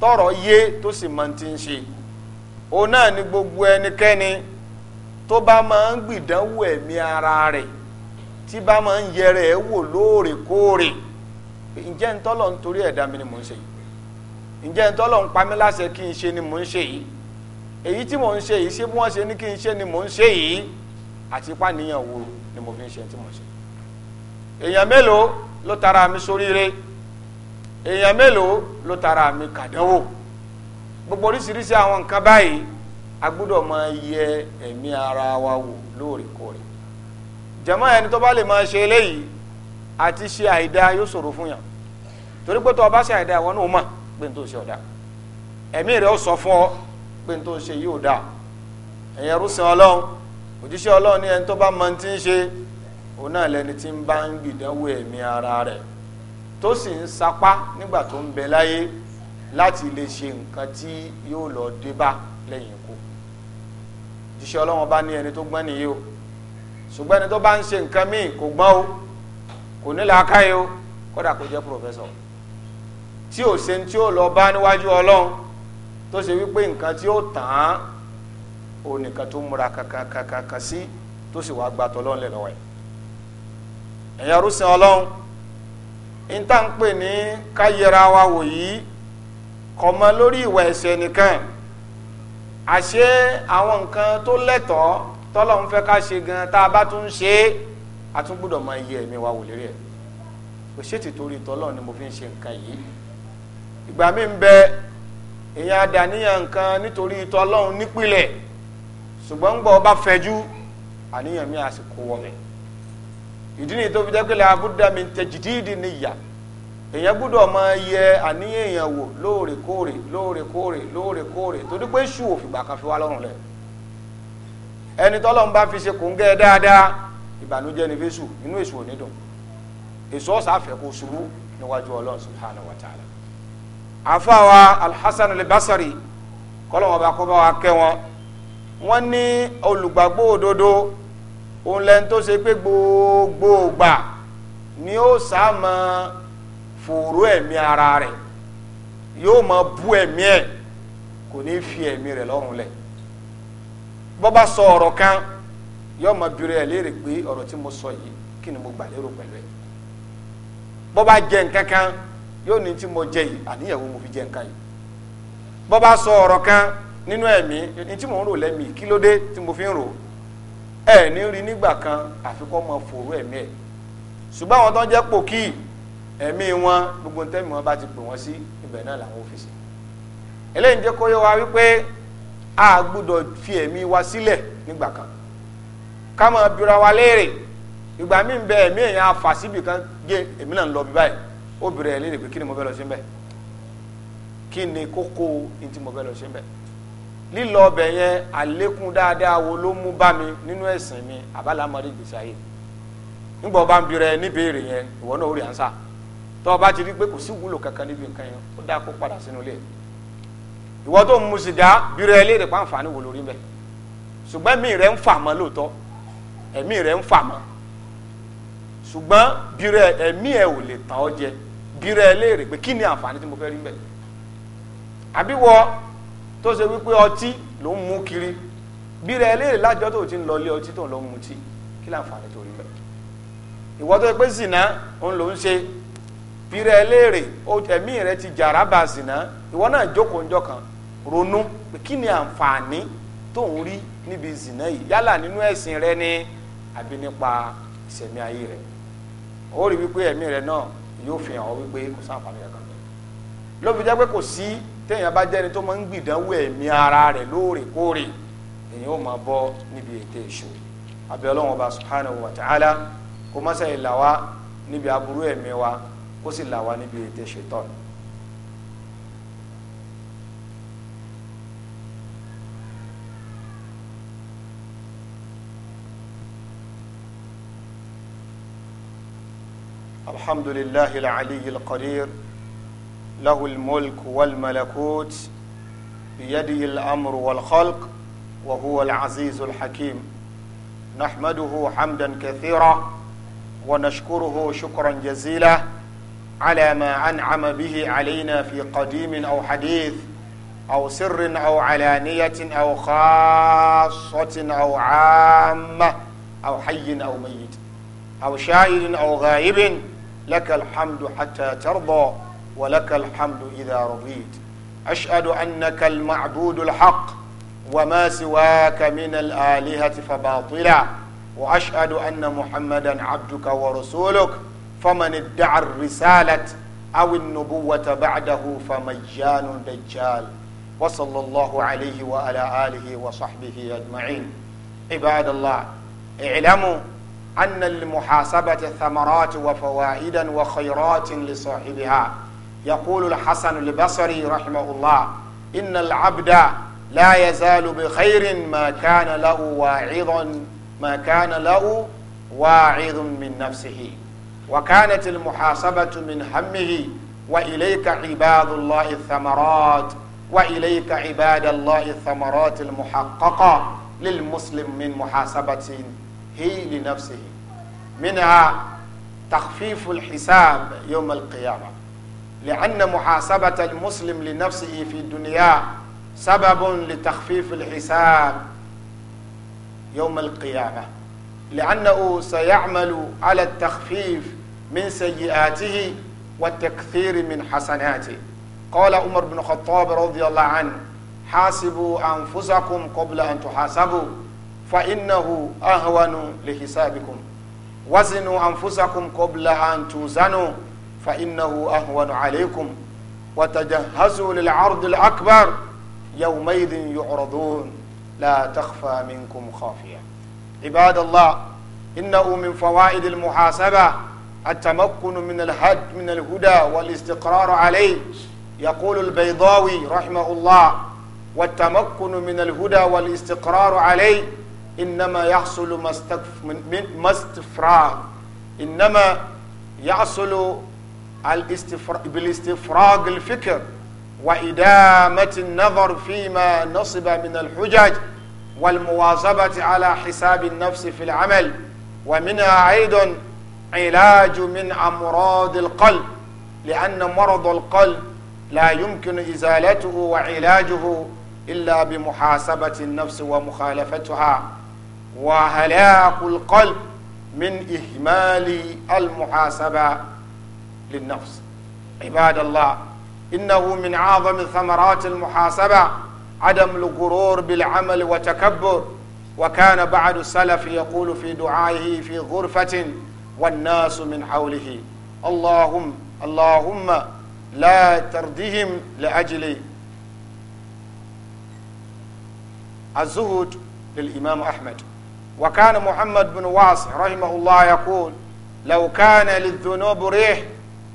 tọ̀rọ̀ yé tó sì mọ̀ ti ń ṣe òun náà ni gbogbo ẹnikẹ́ni tó bá máa ń gbìdánwò ẹ̀mí ara rẹ̀ tí bá máa ń yẹrẹ ẹ̀ wò lóòrèkóòrè ǹjẹ́ ń tọ́lọ̀ ń torí ẹ̀dá mi ni mò ń ṣe yìí ǹjẹ́ ń tọ́lọ̀ ń pa mí láṣẹ kí n ṣe ni mò ń ṣe yìí èyí tí mò ń ṣe yìí ṣé bí wọ́n ṣe ní kí n ṣe ni mò ń ṣe yìí àti pàníyàn wòrò ni mo fi ń ṣe tí mo ṣe èèyàn mélòó ló tara mi ṣoríire èèyàn mélòó ló tara mi kàdánwò gbogbo oríṣiríṣi àwọn nǹkan báyìí a gbọ́dọ̀ máa yẹ ẹ̀mí ara wa wò lóòrèkóòrè jàmáà ẹni tó bá lè máa ṣe eléyìí àti ṣe àìda yóò ṣòro fún yàn torí pé tó o bá ṣe àìda ìwọ náà mọ̀ pé n tó ṣe ọ̀dà ẹ̀mí rẹ̀ ó sọ fún ọ pé n tó ṣe yìí ò dáa ẹ̀yẹ ọlọ́run òjíṣẹ́ ọlọ́run ní ẹni tó bá mọ tí ń ṣe òun náà lẹni tí ń bá ń gbìdánwò ẹ̀mí ara rẹ̀ tó sì ń sapá nígbà tó ń bẹ láyé láti lè ṣe nǹkan tí yóò lọ dé bá lẹ́yìn ikú òjíṣẹ́ ọlọ́run bá ní ẹni tó gbọ́n nìyí o ṣùgbọ́n ẹni tó bá ń ṣe nǹkan míì kò gbọ́n o kò ní làákàyè o kódà kò jẹ́ pòfẹ́sọ̀ tí ò ṣe tí ó lọ bá níwájú ọlọ́run tó ṣe wípé nǹkan tí ó tàn án ó nìkan tó múra kankankankan sí tó sì wàá gba tọlọ́run lẹ̀ lọ́wọ́ ẹ̀ ẹ̀yin arúsìn ọlọ́run níta ń pè ní káyẹra wa wò yìí kọ̀mọ lórí ìwà ẹ̀ṣẹ̀ nìkan àṣé àwọn nǹkan tó lẹ́tọ̀ọ́ tọ́lọ́run fẹ́ ká ṣe gan tá a bá tún ṣe é a tún gbúdọ̀ máa yẹ ẹ̀mí wa wò lérí ẹ̀ kò ṣètì torí tọ́lọ́run ni mo fi ń ṣe nǹkan yìí ìgbà mi ń bẹ èèyàn àdàníyàn nǹkan nítorí tọ́lọ́run nípìnlẹ̀ ṣùgbọ́n ń gbọ́ ọba fẹjú àníyàn mi àsìkò wọlé ìdí ni tó fi jẹ́ pé làbúdà mi tẹ̀jìdìdì níyà èèyàn gbúdọ̀ máa yẹ àníyàn èèyàn wò lóòrèkóòrè lóòrèkóòrè lóòrèkóòrè torí pé ṣù òfìgbà kan fi wá lọ́rùn lẹ̀ ẹni tọ́lọ́run bá fi ṣe kòńgẹ́ dáadáa ìbànújẹ́ ni fésù inú èṣù ò dùn èṣù ọ̀sà àfẹ́ kò ṣubú níwájú ọlọ́run subhanahu wa ta'ala àfáà wa alhassan al-basri kọ́lọ́wọ́n bá kọ́ bá wa kẹ́ wọn wọ́n ní olùgbàgbọ́ òdodo òun lẹ́n tó ṣe gbogbo ìgbà ni ó sáàmọ́ fòró ẹ̀mí ara rẹ̀ yóò mọ bú ẹ̀mí ẹ̀ kò ní fi ẹ̀mí rẹ̀ lọ́rùn lẹ̀ bọ́ bá sọ ọ̀rọ̀ kan yóò mọ bírè ẹ̀ léèrè pé ọ̀rọ̀ tí mo sọ yìí kí ni mo gbà lérò pẹ̀lú ẹ̀ bọ́ bá jẹ nǹkan kan yóò ní tí mo jẹ yìí àníyàwó mo fi jẹ nǹkan yìí bọ́ bá sọ ọ̀rọ̀ kan nínú ẹ̀mí ní tí mò ń rò lẹ́mí kí ló dé tí mo fi ń rò ẹ̀ ní rí nígbà kan àfikún mọ fòrò ẹ̀mí ẹ̀ ṣùgbọ́n àwọn tó ń jẹ́ pòkì ẹ̀mí wọn gbogbo tẹ́mi wọn bá ti pè wọ́n sí ibẹ̀ náà làwọn òfìsì eléyìí jẹ́ kó yé wa wípé a gbọ́dọ̀ fi ẹ̀mí wa sílẹ̀ nígbà kan ká máa bira wa léèrè ìgbà mí bẹ ẹ̀mí èèyàn afa síbi kan gé èmi náà ń lọ bí báyìí ó bèrè ẹ̀ lílọ ọbẹ̀ yẹn àlékún dáadáa mi nínú ẹ̀sìn mi àbálámọ́rí gbèsè ayé nígbà ọba ń bi rẹ níbèrè yẹn ìwọ náà ó rí ansa tọ́ ọba ti kankan níbi nǹkan yẹn ó dáa kó padà sínú ilé ìwọ tó ń mu sìgá bi rẹ léèrè pa wò lórí ṣùgbọ́n ẹ̀mí ń fà mọ́ lóòótọ́ ẹ̀mí ń fà mọ́ ṣùgbọ́n bi rẹ ẹ̀mí ẹ̀ ò tó ṣe wípé ọtí ló ń mú kiri bí rẹ eléyìí lájọ tó ti ń lọ ilé ọtí tó ń lọ mutí kí láǹfààní tó rí bẹ ìwọ tó pé zina òun ló ń ṣe bí rẹ eléèrè ẹ̀mí rẹ ti jàrá ba zina ìwọ náà jókòó ńjọ́ kan ronú pé kí ni àǹfààní tó ń rí níbi zina yìí yálà nínú ẹ̀sìn rẹ ni àbí nípa ìṣẹ̀mí ayé rẹ ó rí wípé ẹ̀mí rẹ náà yóò fi hàn wípé kò sáǹfààní kankan lóbi jẹ́ pé kò sí téèyàn bá jẹ́ni tó máa ń gbìdánwò ẹ̀mí ara rẹ̀ lóòrèkóòrè èyàn ó máa bọ́ níbi ètè èṣù abẹ́ ọlọ́run ọba subhanahu wa ta'ala kó má sẹ́yìn là wá níbi aburú ẹ̀mí wa kó sì là wá níbi ètè ṣètọ́nù. الحمد لله العلي القدير له الملك والملكوت بيده الأمر والخلق وهو العزيز الحكيم نحمده حمدا كثيرا ونشكره شكرا جزيلا على ما أنعم به علينا في قديم أو حديث أو سر أو علانية أو خاصة أو عامة أو حي أو ميت أو شاهد أو غائب لك الحمد حتى ترضى ولك الحمد إذا رضيت أشهد أنك المعبود الحق وما سواك من الآلهة فباطلا وأشهد أن محمدا عبدك ورسولك فمن ادعى الرسالة أو النبوة بعده فمجان دجال وصلى الله عليه وعلى آله وصحبه أجمعين عباد الله اعلموا أن المحاسبة ثمرات وفوائد وخيرات لصاحبها يقول الحسن البصري رحمه الله إن العبد لا يزال بخير ما كان له واعظا ما كان له واعظ من نفسه وكانت المحاسبة من همه وإليك عباد الله الثمرات وإليك عباد الله الثمرات المحققة للمسلم من محاسبة هي لنفسه منها تخفيف الحساب يوم القيامة لأن محاسبة المسلم لنفسه في الدنيا سبب لتخفيف الحساب يوم القيامة لأنه سيعمل على التخفيف من سيئاته والتكثير من حسناته قال عمر بن الخطاب رضي الله عنه حاسبوا أنفسكم قبل أن تحاسبوا فإنه أهون لحسابكم وزنوا أنفسكم قبل أن توزنوا فإنه أهون عليكم وتجهزوا للعرض الأكبر يومئذ يعرضون لا تخفى منكم خافية عباد الله إنه من فوائد المحاسبة التمكن من الهد من الهدى والاستقرار عليه يقول البيضاوي رحمه الله والتمكن من الهدى والاستقرار عليه إنما يحصل ما استفراغ إنما يحصل بالاستفراغ الفكر وإدامة النظر فيما نصب من الحجج والمواظبة على حساب النفس في العمل ومنها أيضا علاج من أمراض القلب لأن مرض القلب لا يمكن إزالته وعلاجه إلا بمحاسبة النفس ومخالفتها وهلاك القلب من إهمال المحاسبة للنفس عباد الله إنه من أعظم ثمرات المحاسبة عدم الغرور بالعمل وتكبر وكان بعد السلف يقول في دعائه في غرفة والناس من حوله اللهم اللهم لا تردهم لأجلي الزهد للإمام أحمد وكان محمد بن واصح رحمه الله يقول لو كان للذنوب ريح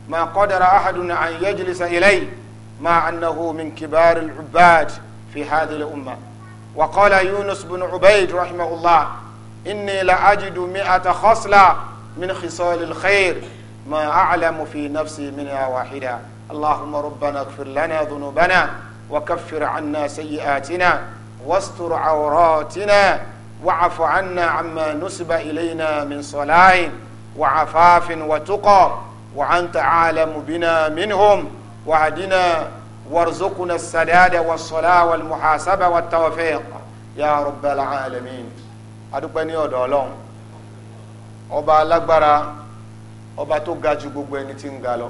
ما قدر أحد أن يجلس إليه مع أنه من كبار العباد في هذه الأمة وقال يونس بن عبيد رحمه الله إني لأجد مئة خصلة من خصال الخير ما أعلم في نفسي منها واحدة اللهم ربنا اغفر لنا ذنوبنا وكفر عنا سيئاتنا واستر عوراتنا وعف عنا عما نسب إلينا من صلاة وعفاف وتقى وأنت عالم بنا منهم وهدنا وارزقنا السداد والصلاة والمحاسبة والتوفيق يا رب العالمين adúpẹ́ ní ọ̀dọ̀ ọlọ́run ọba alágbára ọba tó ga ju gbogbo ẹni tí ń ga lọ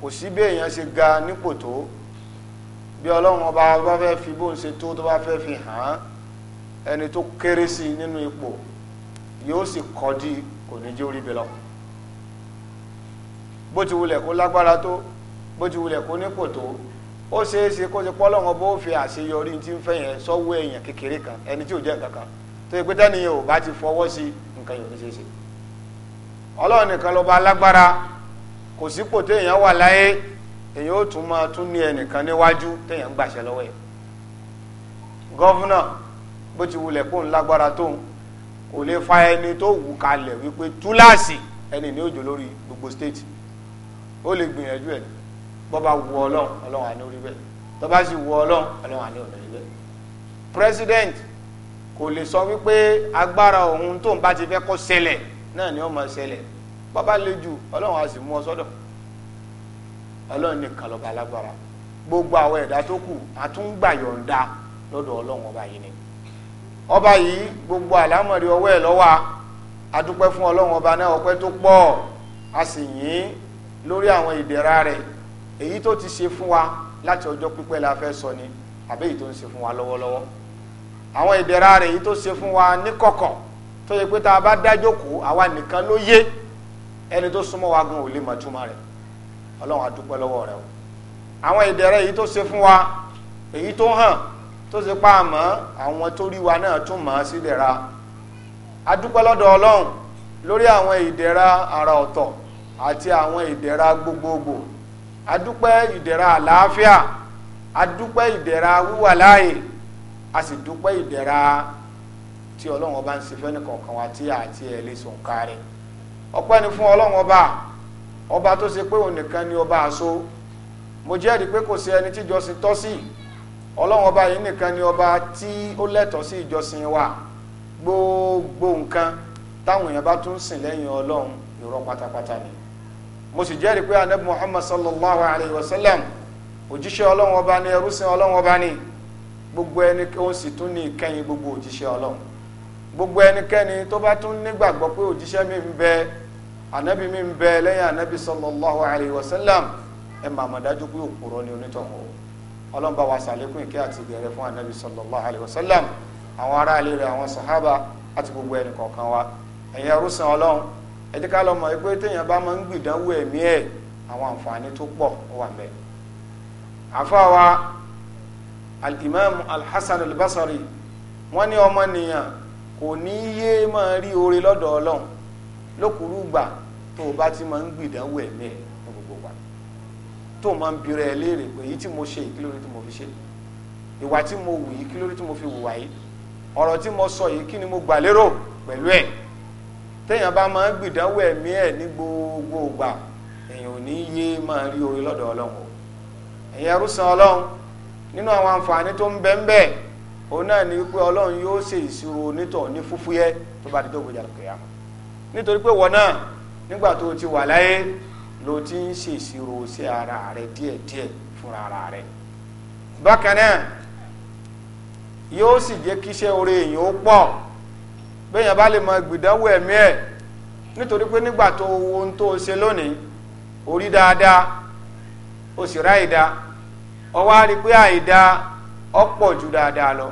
kò sí bí èèyàn ṣe ga nípò tó bí ọlọ́run ọba bá fẹ́ fi bóun ṣe tó tó bá fẹ́ fi hàn án ẹni tó kéré sí nínú ipò yóò sì kọ́ di kò ní jẹ́ orí bẹ́ẹ̀ lọ́kùn bó ti wulẹ̀ kó lágbára tó bó ti wulẹ̀ kó nípò tó ó kó ti pọ́lọ́wọ́n bó fi àṣeyọrí tí ń fẹ́ yẹn sọ́wọ́ èèyàn kékeré kan ẹni tí ò jẹ́ nǹkan tó yẹ pé bá ti fọwọ́ sí nǹkan yòókù ṣeé ṣe ọlọ́run nìkan ló bá lágbára kò sípò téèyàn wà láyé ó tún máa tún ní ẹnìkan níwájú téèyàn ń gbàṣẹ lọ́wọ́ gọ́fúnà bó ti wulẹ̀ kó ń lágbára kò lè fa ẹni tó ó lè gbìyànjú ẹ̀ bọ́ bá wù ọlọ́run ọlọ́run àní orí bẹ́ẹ̀ tó sì wù ọlọ́run ọlọ́run àní orí bẹ́ẹ̀ president kò lè sọ wípé agbára òun tó ń bá ti fẹ́ kó ṣẹlẹ̀ náà ni ó máa ṣẹlẹ̀ bọ́ bá le jù ọlọ́run á sì mú ọ sọ́dọ̀ ọlọ́run nìkan lọ́ba alágbára gbogbo àwọn ẹ̀dá tó kù àtúngbàyọ̀ǹda lọ́dọ̀ ọlọ́run ọba yìí ni ọba yìí gbogbo àlámọ̀rí ọwọ́ ẹ̀ lọ́wọ́ a dúpẹ́ fún ọlọ́run ọba náà ọpẹ́ tó pọ̀ a sì yìn lórí àwọn ìdẹ̀ra rẹ̀ èyí tó ti ṣe fún wa láti ọjọ́ pípẹ́ la fẹ́ sọ ni àbí èyí tó ń ṣe fún wa lọ́wọ́lọ́wọ́ àwọn ìdẹ̀ra rẹ̀ èyí tó ṣe fún wa níkọ̀kọ̀ tó yẹ pé tá a bá dájókòó àwa nìkan ló yé ẹni tó súnmọ́ wa gan ò lè mọ̀ túmọ̀ rẹ̀ ọlọ́run adúpẹ́ lọ́wọ́ rẹ̀ o àwọn ìdẹ̀ra èyí tó ṣe fún wa èyí tó hàn tó ṣe pa àmọ́ àwọn tó rí wa náà tún mọ̀ sí ìdẹ̀ra adúpẹ́ lọ́dọ̀ ọlọ́run lórí àwọn ìdẹ̀ra àrà ọ̀tọ̀ àti àwọn ìdẹ̀ra gbogbogbò adúpẹ́ ìdẹ̀ra àlàáfíà adúpẹ́ ìdẹ̀ra wíwà láàyè a sì dúpẹ́ ìdẹ̀ra tí ọlọ́run ọba ń ṣe fẹ́ni kọ̀ọ̀kan wa tí àti ẹ̀ lè sùn kárí ọpẹ́ ni fún ọlọ́run ọba ọba tó ṣe pé òun nìkan ni ọba àṣọ mo jẹ́rìí pé kò sí ẹni tí ìjọsìn tọ́ sí ọlọ́run ọba yìí nìkan ni ọba tí ó lẹ́tọ̀ọ́ sí ìjọsìn wa gbogbo nǹkan táwọn èèyàn bá tún sìn lẹ́yìn ọlọ́run irọ́ pátápátá ni mo sì jẹ́rìí pé anabi muhammad sallallahu alayhi wa sallam òjíṣẹ́ ọlọ́run ọba ni ẹrúsìn ọlọ́run ọba ni gbogbo ẹni kí òun sì tún ní ìkẹyìn gbogbo òjíṣẹ́ ọlọ́run gbogbo ẹnikẹ́ni tó bá tún nígbàgbọ́ pé òjíṣẹ́ mi ń bẹ anabi mi ń bẹ lẹ́yìn anabi sallallahu alayhi wa sallam ẹ máa mọ̀ dájú pé òpùrọ̀ ni onítọ̀hún o ọlọ́run bá wa sàlékún ìkẹ́ àti ìgẹ̀rẹ́ fún anabi sallallahu alayhi wa sallam àwọn aráàlú ẹ jẹ́ ká lọ mọ̀ pé téèyàn bá máa ń gbìdánwò ẹ̀mí ẹ̀ àwọn àǹfààní tó pọ̀ wà mẹ́ àfáwa al-imam al-hasan al-basri wọ́n ní ọmọnìyàn kò ní yé máa rí oore lọ́dọ̀ ọlọ́run lókùrú gbà tó o bá ti máa ń gbìdánwò ẹ̀mí ẹ̀ ní gbogbo wa tó o máa ń bira ẹ léèrè pé èyí tí mo ṣe kí lórí tí mo fi ṣe ìwà tí mo wù yìí kí lórí tí mo fi wùwà yìí ọ̀rọ̀ tí mo sọ yìí kí ni mo gbà lérò pẹ̀lú ẹ̀ téèyàn bá máa ń gbìdánwò ẹ̀mí ẹ̀ ní gbogbo ìgbà èèyàn ò ní yé máa rí orí lọ́dọ̀ ọlọ́run o ẹ̀yin ẹrúsàn ọlọ́run nínú àwọn àǹfààní tó ń bẹ ń bẹ òun náà ni wípé ọlọ́run yóò ṣe ìṣirò onítọ̀ ní fúfúyẹ́ tó bá di tó gbèjà kìá nítorí pé wọ́n náà nígbà tó ti wà láyé ló ti ń ṣe ìṣirò sí ara rẹ díẹ̀díẹ̀ fúnra ara rẹ bákan náà yóò sì jẹ́ kíṣẹ́ oore èèyàn ó pọ̀ bẹ́yàn bá lè mọ gbìdánwò ẹ̀mí ẹ̀ nítorí pé nígbà tó ohun tó ṣe lónìí orí dáadáa ó sì rá ìdá ọwá rí pé àìdá ju dáadáa lọ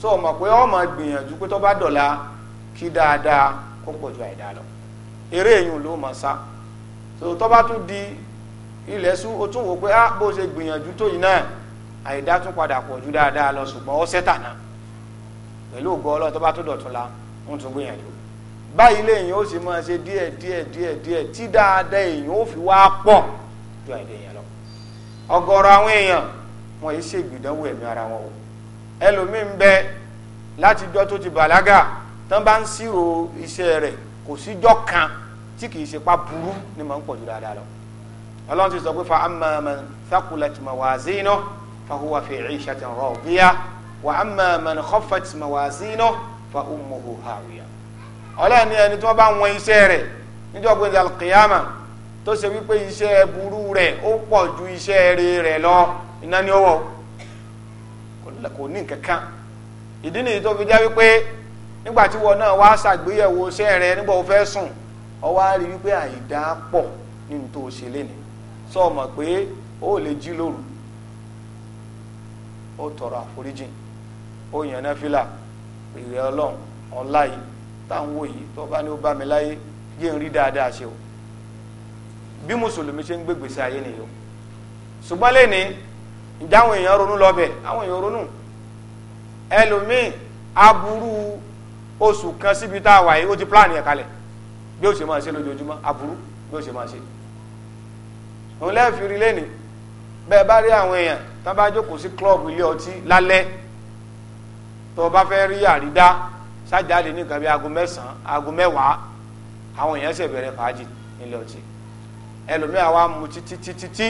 so ọmọ pé ọmọ gbìyànjú pé tó bá dọ̀la kí dáadáa kó pọ̀ àìdá lọ eré èyàn ló mọ̀ sá so tó bá di ilesu sú ó tún wò pé ah bó ṣe gbìyànjú tó yìí náà àìdá tún padà pọ̀ dáadáa lọ ń tún gbìyànjú báyìí lẹ́yìn ó sì máa ṣe díẹ̀ díẹ̀ díẹ̀ díẹ̀ tí dáadáa èèyàn ó fi wá pọ̀ ju àìdè èèyàn lọ ọ̀gọ̀rọ̀ àwọn èèyàn wọn yìí ṣègbìdánwò ẹ̀mí ara wọn o ẹlòmíín bẹ láti jọ tó ti bàlágà tán bá ń ṣírò iṣẹ́ rẹ̀ kò síjọ́ kan tí kì í ṣe pa burú ni mò ń pọ̀ ju dáadáa lọ ọlọ́run ti sọ pé fa amma man thaqulat mawazinuhu fa huwa fi 'ishatin radiya wa amma man khaffat mawazinuhu. fa ummuhu hawiya ọlọ́run ní ẹni tí wọ́n bá wọn iṣẹ́ rẹ̀ níjọ́ pé alqiyama tó ṣe wípé iṣẹ́ buru rẹ̀ o pọ̀ ju iṣẹ́ rẹ̀ rẹ̀ lọ iná ní ọwọ́ kò ní kankan ìdí nìyí tó fi jẹ́ wípé nígbà tí wọn náà wá ṣàgbéyẹ̀wò iṣẹ́ rẹ̀ nígbà ó fẹ́ sùn ó wá rí wípé àìdá pọ̀ nínú tó ṣe lénìí sọ mọ̀ pe o lè jí lóru ó tọrọ àforíjìn ó yàn ìrẹ́ ọlọ́run ọ̀la yìí táwọn wò yìí tó bá ní ó bá mi láyé jẹ́ ń rí dáadáa ṣe o bí mùsùlùmí ṣe ń gbé gbèsè ayé nìyó ṣùgbọ́n lẹ́ni ìjà àwọn èèyàn ronú lọ́bẹ̀ àwọn èèyàn ronú ẹlòmíì aburú oṣù kan síbi tá a wà yìí ó ti pláàni ẹ̀ kalẹ̀ bí ó ṣe máa ṣe lójoojúmọ́ aburú bí ó ṣe máa ṣe òun lẹ́ẹ̀fì rí lẹ́ni bẹ́ẹ̀ bá rí àwọn èèyàn tán bá jókòó sí club ilé ọtí lálẹ́ tó o bá fẹ́ rí àrídá ṣáàjáde ní nǹkan bí aago mẹ́sàn-án aago mẹ́wàá àwọn èèyàn ṣe bẹ̀rẹ̀ fàájì nílé ọtí ẹlòmíà wa mu títí títí tí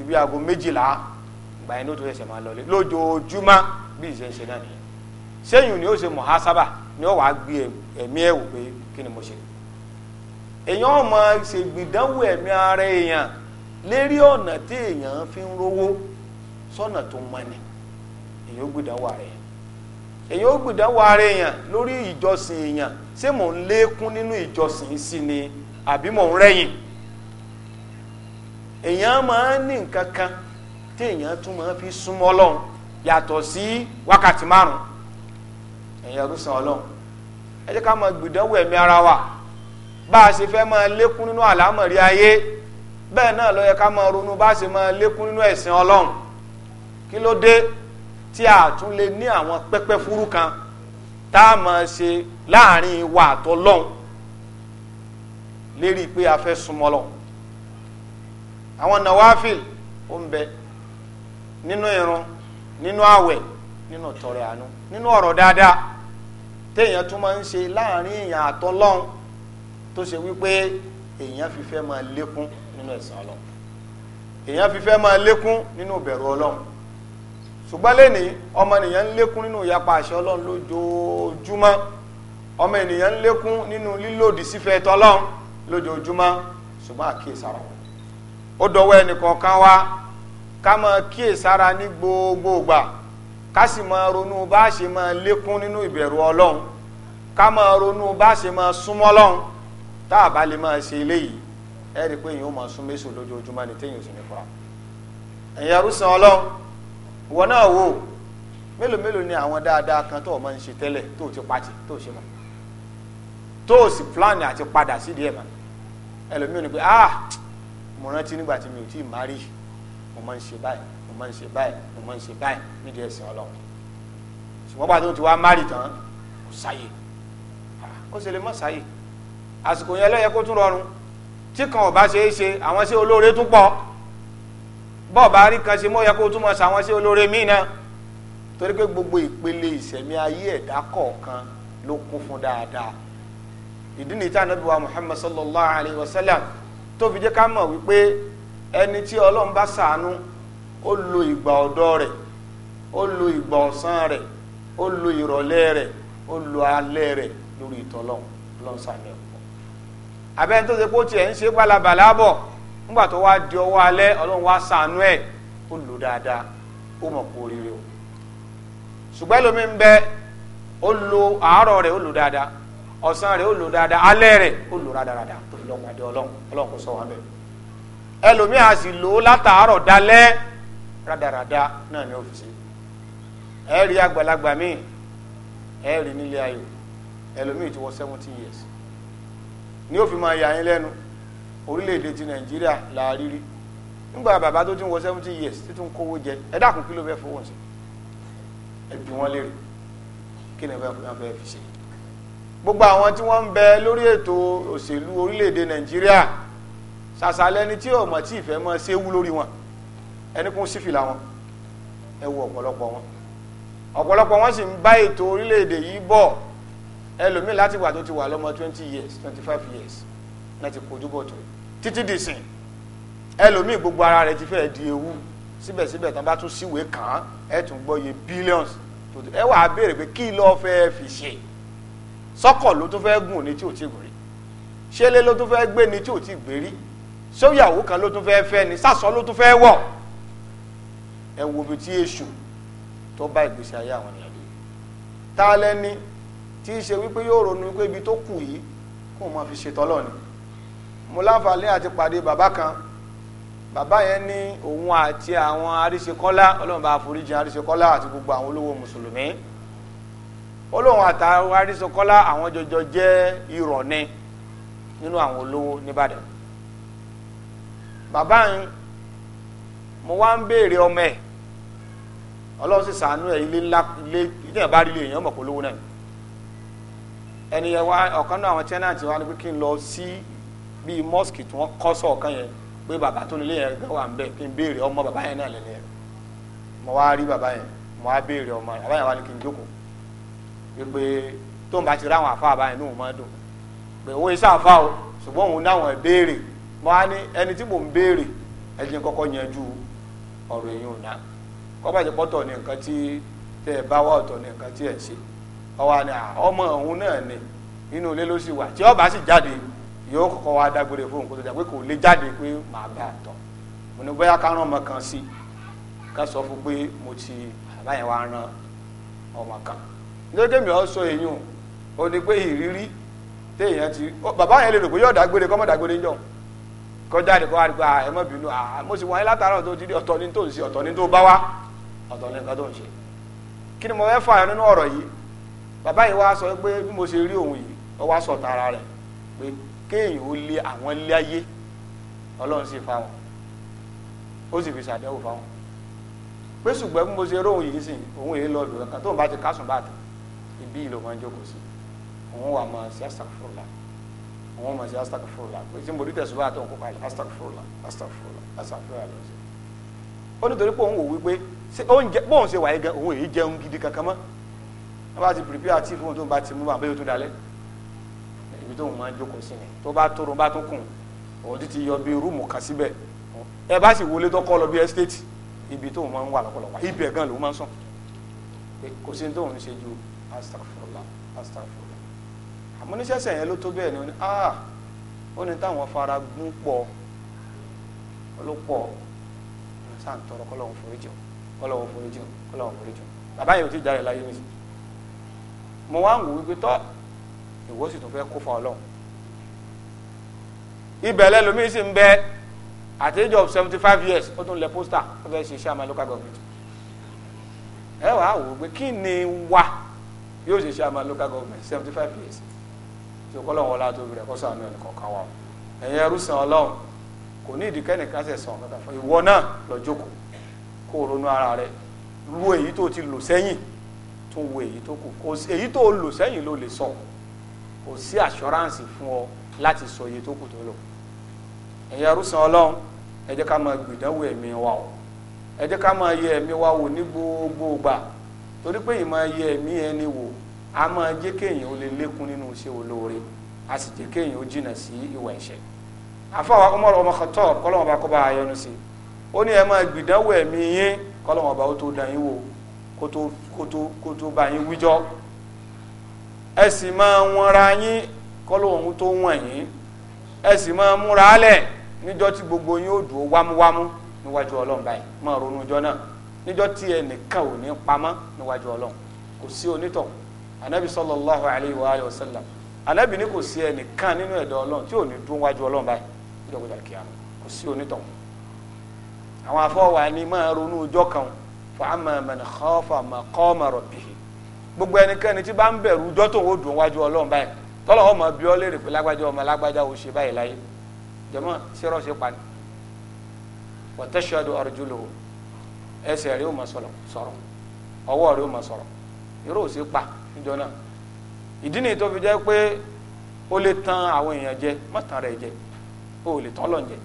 ibi aago méjìlá ìgbà yẹn ló tó ṣẹ̀ṣẹ̀ máa lọlé lójoojúmọ́ bí ìṣe ń ṣe náà nìyẹn sẹ́yìn ni ó ṣe mọ̀hásábà ni ó wàá gbé ẹ̀mí ẹ̀ wò pé kí ni mo ṣe èèyàn ọmọ ṣègbìdánwò ẹ̀mí ara èèyàn lérí ọ̀nà tí èèyàn fi ń rówó sọ́nà tó mọ́ni èèyàn gbìdánwò ara èyàn ó gbìdánwò ara èèyàn lórí ìjọsìn èèyàn ṣé mò ń lékún nínú ìjọsìn sí ni àbí mò ń rẹ́yìn èèyàn máa ń ní nǹkan kan tí èèyàn tún máa fi súnmọ́ ọlọ́run yàtọ̀ sí wákàtí márùn-ún èèyàn ló san ọlọ́run ẹ jẹ́ ká máa gbìdánwò ẹ̀mí ara wa bá a ṣe fẹ́ máa lékún nínú àlámọ̀rí ayé bẹ́ẹ̀ náà ló ká máa ronú bá a ṣe máa lékún nínú ẹ̀sìn ọlọ́run kí ló dé tí a tún lè ní àwọn pẹ́pẹ́ fúrú kan tá a máa ṣe láàrin wa àtọlọ́hun lérí pé a fẹ́ súnmọ́ lọ àwọn nawafil ó ń bẹ nínú irun nínú àwẹ̀ nínú tọrẹ àánú nínú ọ̀rọ̀ dáadáa téèyàn tún máa ń ṣe láàrin èèyàn àtọlọ́hun tó ṣe wípé èèyàn fi fẹ́ máa lékún nínú ẹ̀san Ọlọ́run èèyàn fi fẹ́ máa lékún nínú ìbẹ̀rù Ọlọ́run ṣùgbọ́n lẹ́ni ọmọ ènìyàn lékún nínú ìyapa àṣẹ ọlọ́run lójoojúmọ́ ọmọ ènìyàn ń nínú lílòdì sífẹ́ tọlọ́run lójoojúmọ́ ṣùgbọ́n àkíyèsára ó dọwọ́ ẹnìkọ̀ọ̀kan wa ká kíyèsára ní gbogbogbà ká sì ronú ṣe lékún nínú ìbẹ̀rù ọlọ́run ká ronú bá ṣe súnmọ́ ọlọ́run tá a bá lè ṣe eléyìí ẹ rí i pé èèyàn ó lójoojúmọ́ ni téèyàn sì ní ìwọ náà wò mélòó mélòó ni àwọn dáadáa kan tó o máa ń ṣe tẹ́lẹ̀ tó o ti pàtì tó o ṣe mọ́ tó o sì plan àti padà sídìí ẹ̀ mọ́ ẹlòmíì ò pé ah mo rántí nígbà tí mi ò tí ì má rí mo máa ń ṣe báyìí mo máa ń ṣe báyìí mo máa ń ṣe báyìí nídìí ẹ̀sìn ọlọ́run ṣùgbọ́n bàtà tó ti wá márì tán kò sáyè ah, ó sì lè mọ́ sáyè àsìkò yẹn ló yẹ kó tún rọrùn tí kan ò bá ṣe é ṣe àwọn ṣé olóore tún pọ̀ bọ́ọ̀bá rí kan ṣe mọ́ yẹ kó túmọ̀ sàwọn sí olóore míì náà torí pé gbogbo ìpele ìṣẹ̀mí ayé ẹ̀dá kọ̀ọ̀kan ló kún fún dáadáa ìdí nìyí tí wa sallallahu alayhi wa sallam tó fi jẹ́ ká mọ̀ wípé ẹni tí Ọlọ́run bá ó lo ìgbà ọ̀dọ́ rẹ̀ ó lo ìgbà ọ̀sán rẹ̀ ó lo ìrọ̀lẹ́ rẹ̀ ó lo alẹ́ rẹ̀ lórí ìtọ́lọ́run lọ́sàn-án ẹ̀kọ́ nígbà tó wá di ọwọ́ alẹ́ ọlọ́run wá sànú ẹ̀ ó lò dáadáa ó o ṣùgbọ́n ẹlòmíì ń bẹ ó lo àárọ̀ rẹ̀ ó lò dáadáa ọ̀sán rẹ̀ ó lò dáadáa alẹ́ rẹ̀ ó lò rádaràdà tó ọlọ́run ọlọ́run kò sọ wọn bẹ́ẹ̀ ẹlòmíì á sì lò ó látàárọ̀ dalẹ́ rádaràdà náà ní òfìsí ẹ rí àgbàlagbà mi ẹ rí nílé ayò ẹlòmíì ti wọ seventeen years máa yà yín orílẹ̀-èdè ti nàìjíríà la rírí nígbà bàbá tó ti wọ seventy years tí tó ń kówó jẹ ẹ dákun kí ló fẹ́ fowó sí ẹ bí wọ́n léèrè kí ni wọ́n fẹ́ fi ṣe gbogbo àwọn tí wọ́n ń bẹ lórí ètò òṣèlú orílẹ̀-èdè nàìjíríà ṣàṣàlẹ̀ ni tí ọmọ tí ìfẹ́ mọ́ séwú lórí wọn ẹni kún sífìlà wọn ẹ wo ọ̀pọ̀lọpọ̀ wọn ọ̀pọ̀lọpọ̀ wọn sì ń bá ètò orílẹ̀-èdè yìí bọ̀ ẹlòmíì láti wà tó ti wà lọ́mọ twenty years twenty five years láti kojú bọ̀ tó yìí títí dìsìn ẹlòmíì gbogbo ara rẹ̀ ti fẹ́ di ewu síbẹ̀síbẹ̀ tán bá tún síwèé kàn án ẹ tún gbọ́ iye billions ẹ wàá béèrè pé kí ló fẹ́ fi ṣe sọ́kọ̀ ló tún fẹ́ gùn ní tí ò ti gùn rí ṣẹlẹ̀ ló tún fẹ́ gbé ní tí ò ti gbé rí sóyàwó kan ló tún fẹ́ fẹ́ ni sásọ ló tún fẹ́ wọ̀ ẹ wo bí tí èṣù tó bá ìgbésí ayé àwọn ènìyàn lè ta lẹ́ni tí í ṣe wípé yóò ronú wípé ibi tó kù yìí kó o máa fi ṣe tọ́lọ́ ni mo láǹfààní àti pàdé bàbá kan bàbá yẹn ní òun àti àwọn arísekọ́lá ọlọ́run bá àforíjì àti gbogbo àwọn olówó mùsùlùmí olóhùn àtàwọn arísekọ́lá àwọn jọjọ jẹ́ irọ ni nínú àwọn olówó nìbàdàn bàbá yẹn mo wá ń béèrè ọmọ ọlọ́run sì sàánú ilé ńlá ilé bá rí ilé èèyàn mọ̀ bíi mosque tí wọ́n kọ́ sọ̀kan yẹn pé bàbá tó nílé yẹn wà ń bẹ̀ kí n béèrè ọmọ bàbá yẹn náà lẹ́nu yẹn mo wá rí bàbá yẹn mo wá béèrè ọmọ rẹ̀ bàbá yẹn wá ní kí n jókòó wípé tó ń bá ti ráwọn àfa àbáyẹn ní òun máa dùn pé owó iṣẹ́ àfa o ṣùgbọ́n òun náà wọ́n béèrè mo wá ní ẹni tí mò ń béèrè ẹ jẹ́ kọ́kọ́ yanjú ọ̀rọ̀ èyí ò náà kọ́ bá jẹ́ pọ́tọ̀ ní nǹkan tí tẹ́ ẹ bá wà ọ̀tọ̀ ní nǹkan tí ẹ ṣe ọwọ́ ni ọmọ òun náà ni inú ilé ló sì wà tí ó bá sì jáde yóò kọ́kọ́ wá dágbére fóun kó tó jà pé kò lè jáde pé màá bá tọ̀ mo ní bóyá ká ọmọ kan sí ká sọ fún pé mo ti àbáyẹn wá kan ọ sọ èyàn ò ní pé ìrírí téèyàn ti bàbá yẹn lè pé yóò dágbére kọ́ mọ́ dágbére ẹ bínú mo sì wọ́n látara ti di ọ̀tọ̀ ní tó ń ṣe ọ̀tọ̀ ní tó bá wá mo fẹ́ fà nínú ọ̀rọ̀ yìí bàbá yìí wá sọ pé kéèyàn ó lé àwọn lé ayé ọlọ́run sì fa wọn ó sì fi ṣàdéhùn fa wọn pé ṣùgbọ́n bí mo ṣe róhùn yìí sìn òun èyí lọ́ọ́ lò ẹ̀kan tóun bá ti kásùn bá tẹ̀ ibi ìlò máa ń jókòó sí òun wà máa ṣe astagfurla òun máa ṣe astagfurla pé tí mo rí tẹ̀sùbá àtọ̀ nǹkan pààyàn astagfurla astagfurla astagfurla ló ń ṣe ó nítorí pé òun wò wípé bóun ṣe wà yìí gan òun èyí jẹun gidi kankan mọ́ wọ́n bá ti pèpè àti fóun tó ń bá ti mú bàbá yóò dalẹ́ ibi tó ń máa jókòó sí ni tó bá tóorun bá tún kùn òun ti ti yọ bí rúùmù kan síbẹ̀ ẹ bá sì wọlé tọkọ lọ bí estate ibi tó ń máa ń wà lọ́pọ̀lọpọ̀ ibẹ̀ gan ló máa ń sàn kò sí tó ń ṣe ju astagfurullah astagfurullah àmúnisẹ́sẹ̀ yẹn ló tó bẹ́ẹ̀ ni ó ní ah ó ní táwọn fara gún pọ̀ ló pọ̀ sáà ń tọrọ kọ́lọ́hún foríjì kọ́lọ́hún foríjì kọ́lọ́hún foríjì bàbá yẹn ò tí ì jáde láyé nìyí mo wá ń wò wípé tọ́ ìwọ sì tún fẹ́ kó fún ọlọ́run ibẹ̀ lẹ́lòmíì sì ń bẹ at age of seventy five years ó tún lẹ pósítà ó fẹ́ ṣe iṣẹ́ àmà local government ẹ wàá wò ó pé kí ni wa yóò ṣe iṣẹ́ àmà local government seventy five years tí o kọ́ lọ́wọ́ ọlá tó bẹ̀rẹ̀ kó sànú ẹnì kọ̀ọ̀kan wa ẹ̀yin ẹrú san ọlọ́run kò ní ìdíkẹ́ nìkan ṣe sàn kankan fún ìwọ náà lọ jókòó kó o ronú ara rẹ wo èyí tó ti lò sẹ́yìn tó wo èyí tó kù èyí tó lò sẹ́yìn ló lè sọ̀rọ̀ kò sí assurance fún ọ láti sọ iye tó kù tó lọ ẹ̀yin arúsàn ọlọ́run ẹ jẹ́ ká máa gbìdánwò ẹ̀mí wa o ẹ jẹ́ ká máa yẹ ẹ̀mí wa wò ní gbogbo gbà torí pé ìmọ̀ yẹ ẹ̀mí ẹni wò a máa jẹ́ kéèyàn ó lè lékún nínú iṣẹ́ olóore a sì jẹ́ kéèyàn ó jìnà sí ìwà ẹ̀ṣẹ̀ àfọwọ́ Umar ọmọ Khattab kọ́lọ́wọ́n bá kọ́ bá ayọ́nu sí ó ní ẹ máa gbìdánwò ẹ̀mí yín kọ́lọ́wọ́n bá ó tó dàn yín wò kó tó bá yín wíjọ́ ẹ sì máa wọnra yín kọ́lọ́hún tó wọ̀n yín ẹ sì máa múra lẹ̀ níjọ́ tí gbogbo yín ó dùn ó wámúwámú níwájú ọlọ́run báyìí máa ronú ọjọ́ náà níjọ́ tí ẹnìkan ò ní pamọ́ níwájú ọlọ́run kò sí onítọ̀ anabi sallallahu alayhi wa alayhi wa sallam anabi ni kò sí ẹnìkan nínú ẹ̀dọ́ ọlọ́run tí ò ní dún wájú ọlọ́run báyìí níjọ́ gbọdọ̀ kíá kò sí onítọ̀ àwọn afọwà ni máa ronú ọjọ́ kan fa amma man khafa maqama rabbihi gbogbo ẹnikẹ́ni tí bá ń bẹ̀rù dọ́tò dùn wájú ọlọ́run báyìí tọ́lọ́ ọmọ bí ọ léèrè pé lágbájá ọmọ lágbájá ò ṣe báyìí láyé jẹ́mọ́ sírọ́ ṣe pa ni wọ́tẹ́sọ̀dọ̀ arjuluhu ẹsẹ̀ sọ̀rọ̀ ọwọ́ ma sọ̀rọ̀ irú ò sí pa níjọ náà ìdí tó fi jẹ́ pé ó lè tan àwọn èèyàn jẹ rẹ̀ jẹ ó lè tán lọ́n jẹ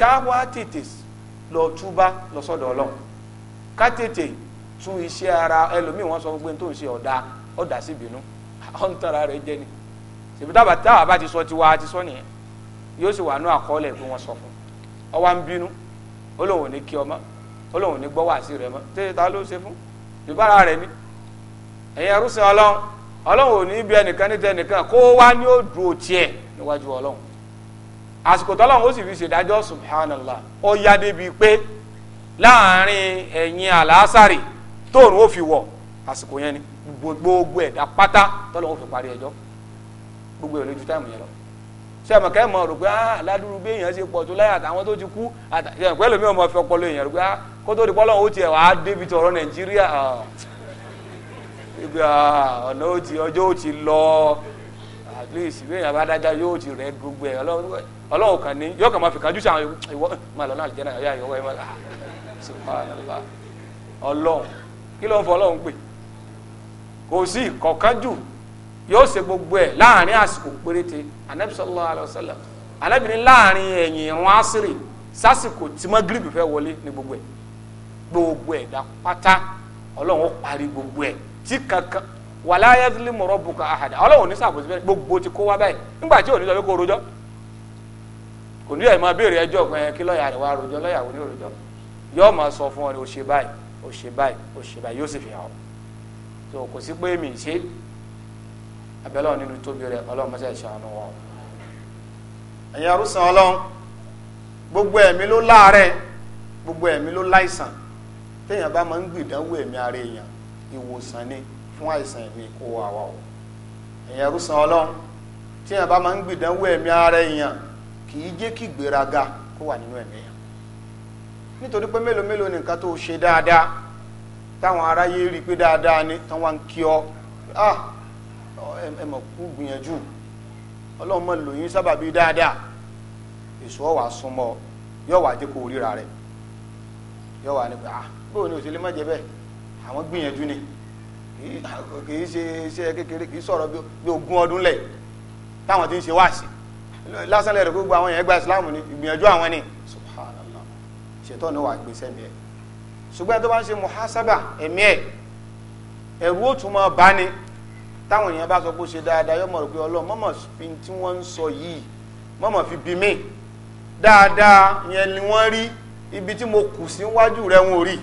ká wá tètè lọ túbá lọ sọ́dọ̀ ọlọ́run ká tètè tún iṣẹ́ ara ẹlòmíì wọ́n sọ gbogbo n tó ń ṣe ọ̀dà ọ̀dà sí ìbínú rẹ̀ jẹ́ ni ṣèbítàbà táwa bá ti sọ tiwa ti sọ nìyẹn yóò sì wà nú àkọọ́lẹ̀ pé wọ́n sọ fún ọwọ́ ń bínú ó ò ní kí ọmọ ó fún ìbára ni ẹ̀yin ẹrúsìn ọlọ́run ọlọ́run ò ní bí ẹnìkan ní tẹnìkan kó wá ní níwájú ọlọ́run àsìkò tọ́lọ́run ó fi ṣèdájọ́ subhanallah ó yá débi pé láàrin tóun ó fi wọ̀ àsìkò ni gbogbo ẹ̀dá pátá tọ́lọ́ ó fi parí ẹjọ́ gbogbo ẹ̀ lójú táìmù yẹn lọ ṣé ẹ̀ mọ̀ rò pé ah aládùúrú bí èèyàn ṣe pọ̀ tó láyà àtàwọn tó ti kú àtàwọn pẹ̀lú mi ò mọ̀ fẹ́ ọpọlọ èèyàn rò pé ah kó tó di pọ́lọ́ ó tiẹ̀ wàá débi tọ̀rọ̀ Nàìjíríà ah, ah, ọ̀nà ọjọ́ ó ti lọ at least bí èèyàn bá dájá yóò ti rẹ gbogbo ọlọ́run kan ní yóò kàn máa kí ló ń fọ ọlọ́run pè kò sí ìkọ̀kánjú yóò ṣe gbogbo ẹ̀ láàrin àsìkò péréte anabi sallallahu alayhi wa sallam anabi ní láàrin ẹ̀yìn irun asiri sásìkò tí magrebi fẹ́ wọlé ní gbogbo ẹ̀ gbogbo ẹ̀ dá pátá ọlọ́run ó parí gbogbo ẹ̀ tí kankan wàlá yadili mọ̀rọ̀ buka ahada ọlọ́run ní sàbòsí bẹ́ẹ̀ gbogbo ti kó wá báyìí nígbà tí òní sọ pé kó rojọ́ òní ẹ̀ máa béèrè ẹjọ́ ẹ̀ kí lọ́ọ̀yà rẹ̀ wá rojọ́ lọ́ọ̀yà òní rojọ́ yọ́ọ̀ máa sọ fún ọ ní o ṣe báyìí ó ṣe báyìí ó ṣe báyìí yóò sì fi hàn ọ́ so kò sí pé mi ṣe abẹ́lẹ́ nínú tóbi ọlọ́run mọ́sẹ̀ ẹ̀yin arúsàn ọlọ́run gbogbo ẹ̀mí ló láàárẹ̀ gbogbo ẹ̀mí ló láìsàn téèyàn bá máa ń gbìdánwò ẹ̀mí ara èèyàn ìwòsàn ni fún àìsàn ẹ̀mí kó àwa o ẹ̀yin arúsàn ọlọ́run téèyàn bá máa ń gbìdánwò ẹ̀mí ara èèyàn kì í jẹ́ kí nítorí pé mélòó mélòó nìkan tó ṣe dáadáa táwọn aráyé rí pé dáadáa ni tán wá ń kí ọ ah ẹ mọ̀ kú gbìyànjú ọlọ́run mọ̀ lòyìn sábàbí dáadáa èso ọ̀wà súnmọ́ yóò wà dínkù ríra rẹ̀ yóò wà ah bóò ni òṣèlú má jẹ bẹ́ẹ̀ àwọn gbìyànjú ni kì í ṣe iṣẹ́ kékeré kì í sọ̀rọ̀ bí ogún ọdún lẹ̀ táwọn ti ń ṣe wáàsí lásán lẹ́rìí gbogbo àwọn yẹn gba ìsìláàmù ni ìgbìyànjú àwọn ni ṣètọ́ ní wàá gbé sẹ́mi ẹ̀ ṣùgbọ́n tó bá ń ṣe muhasaba ẹ̀mí ẹ̀ ẹ̀rú ó tún máa bá ní táwọn èèyàn bá sọ pé ó ṣe dáadáa yọmọ rẹ pé ọlọ́run mọ́mọ́ fi tí wọ́n ń sọ yìí mọ́mọ́ fi bí mí dáadáa yẹn ni wọ́n rí ibi tí mo kù sí wájú rẹ wọn ò rí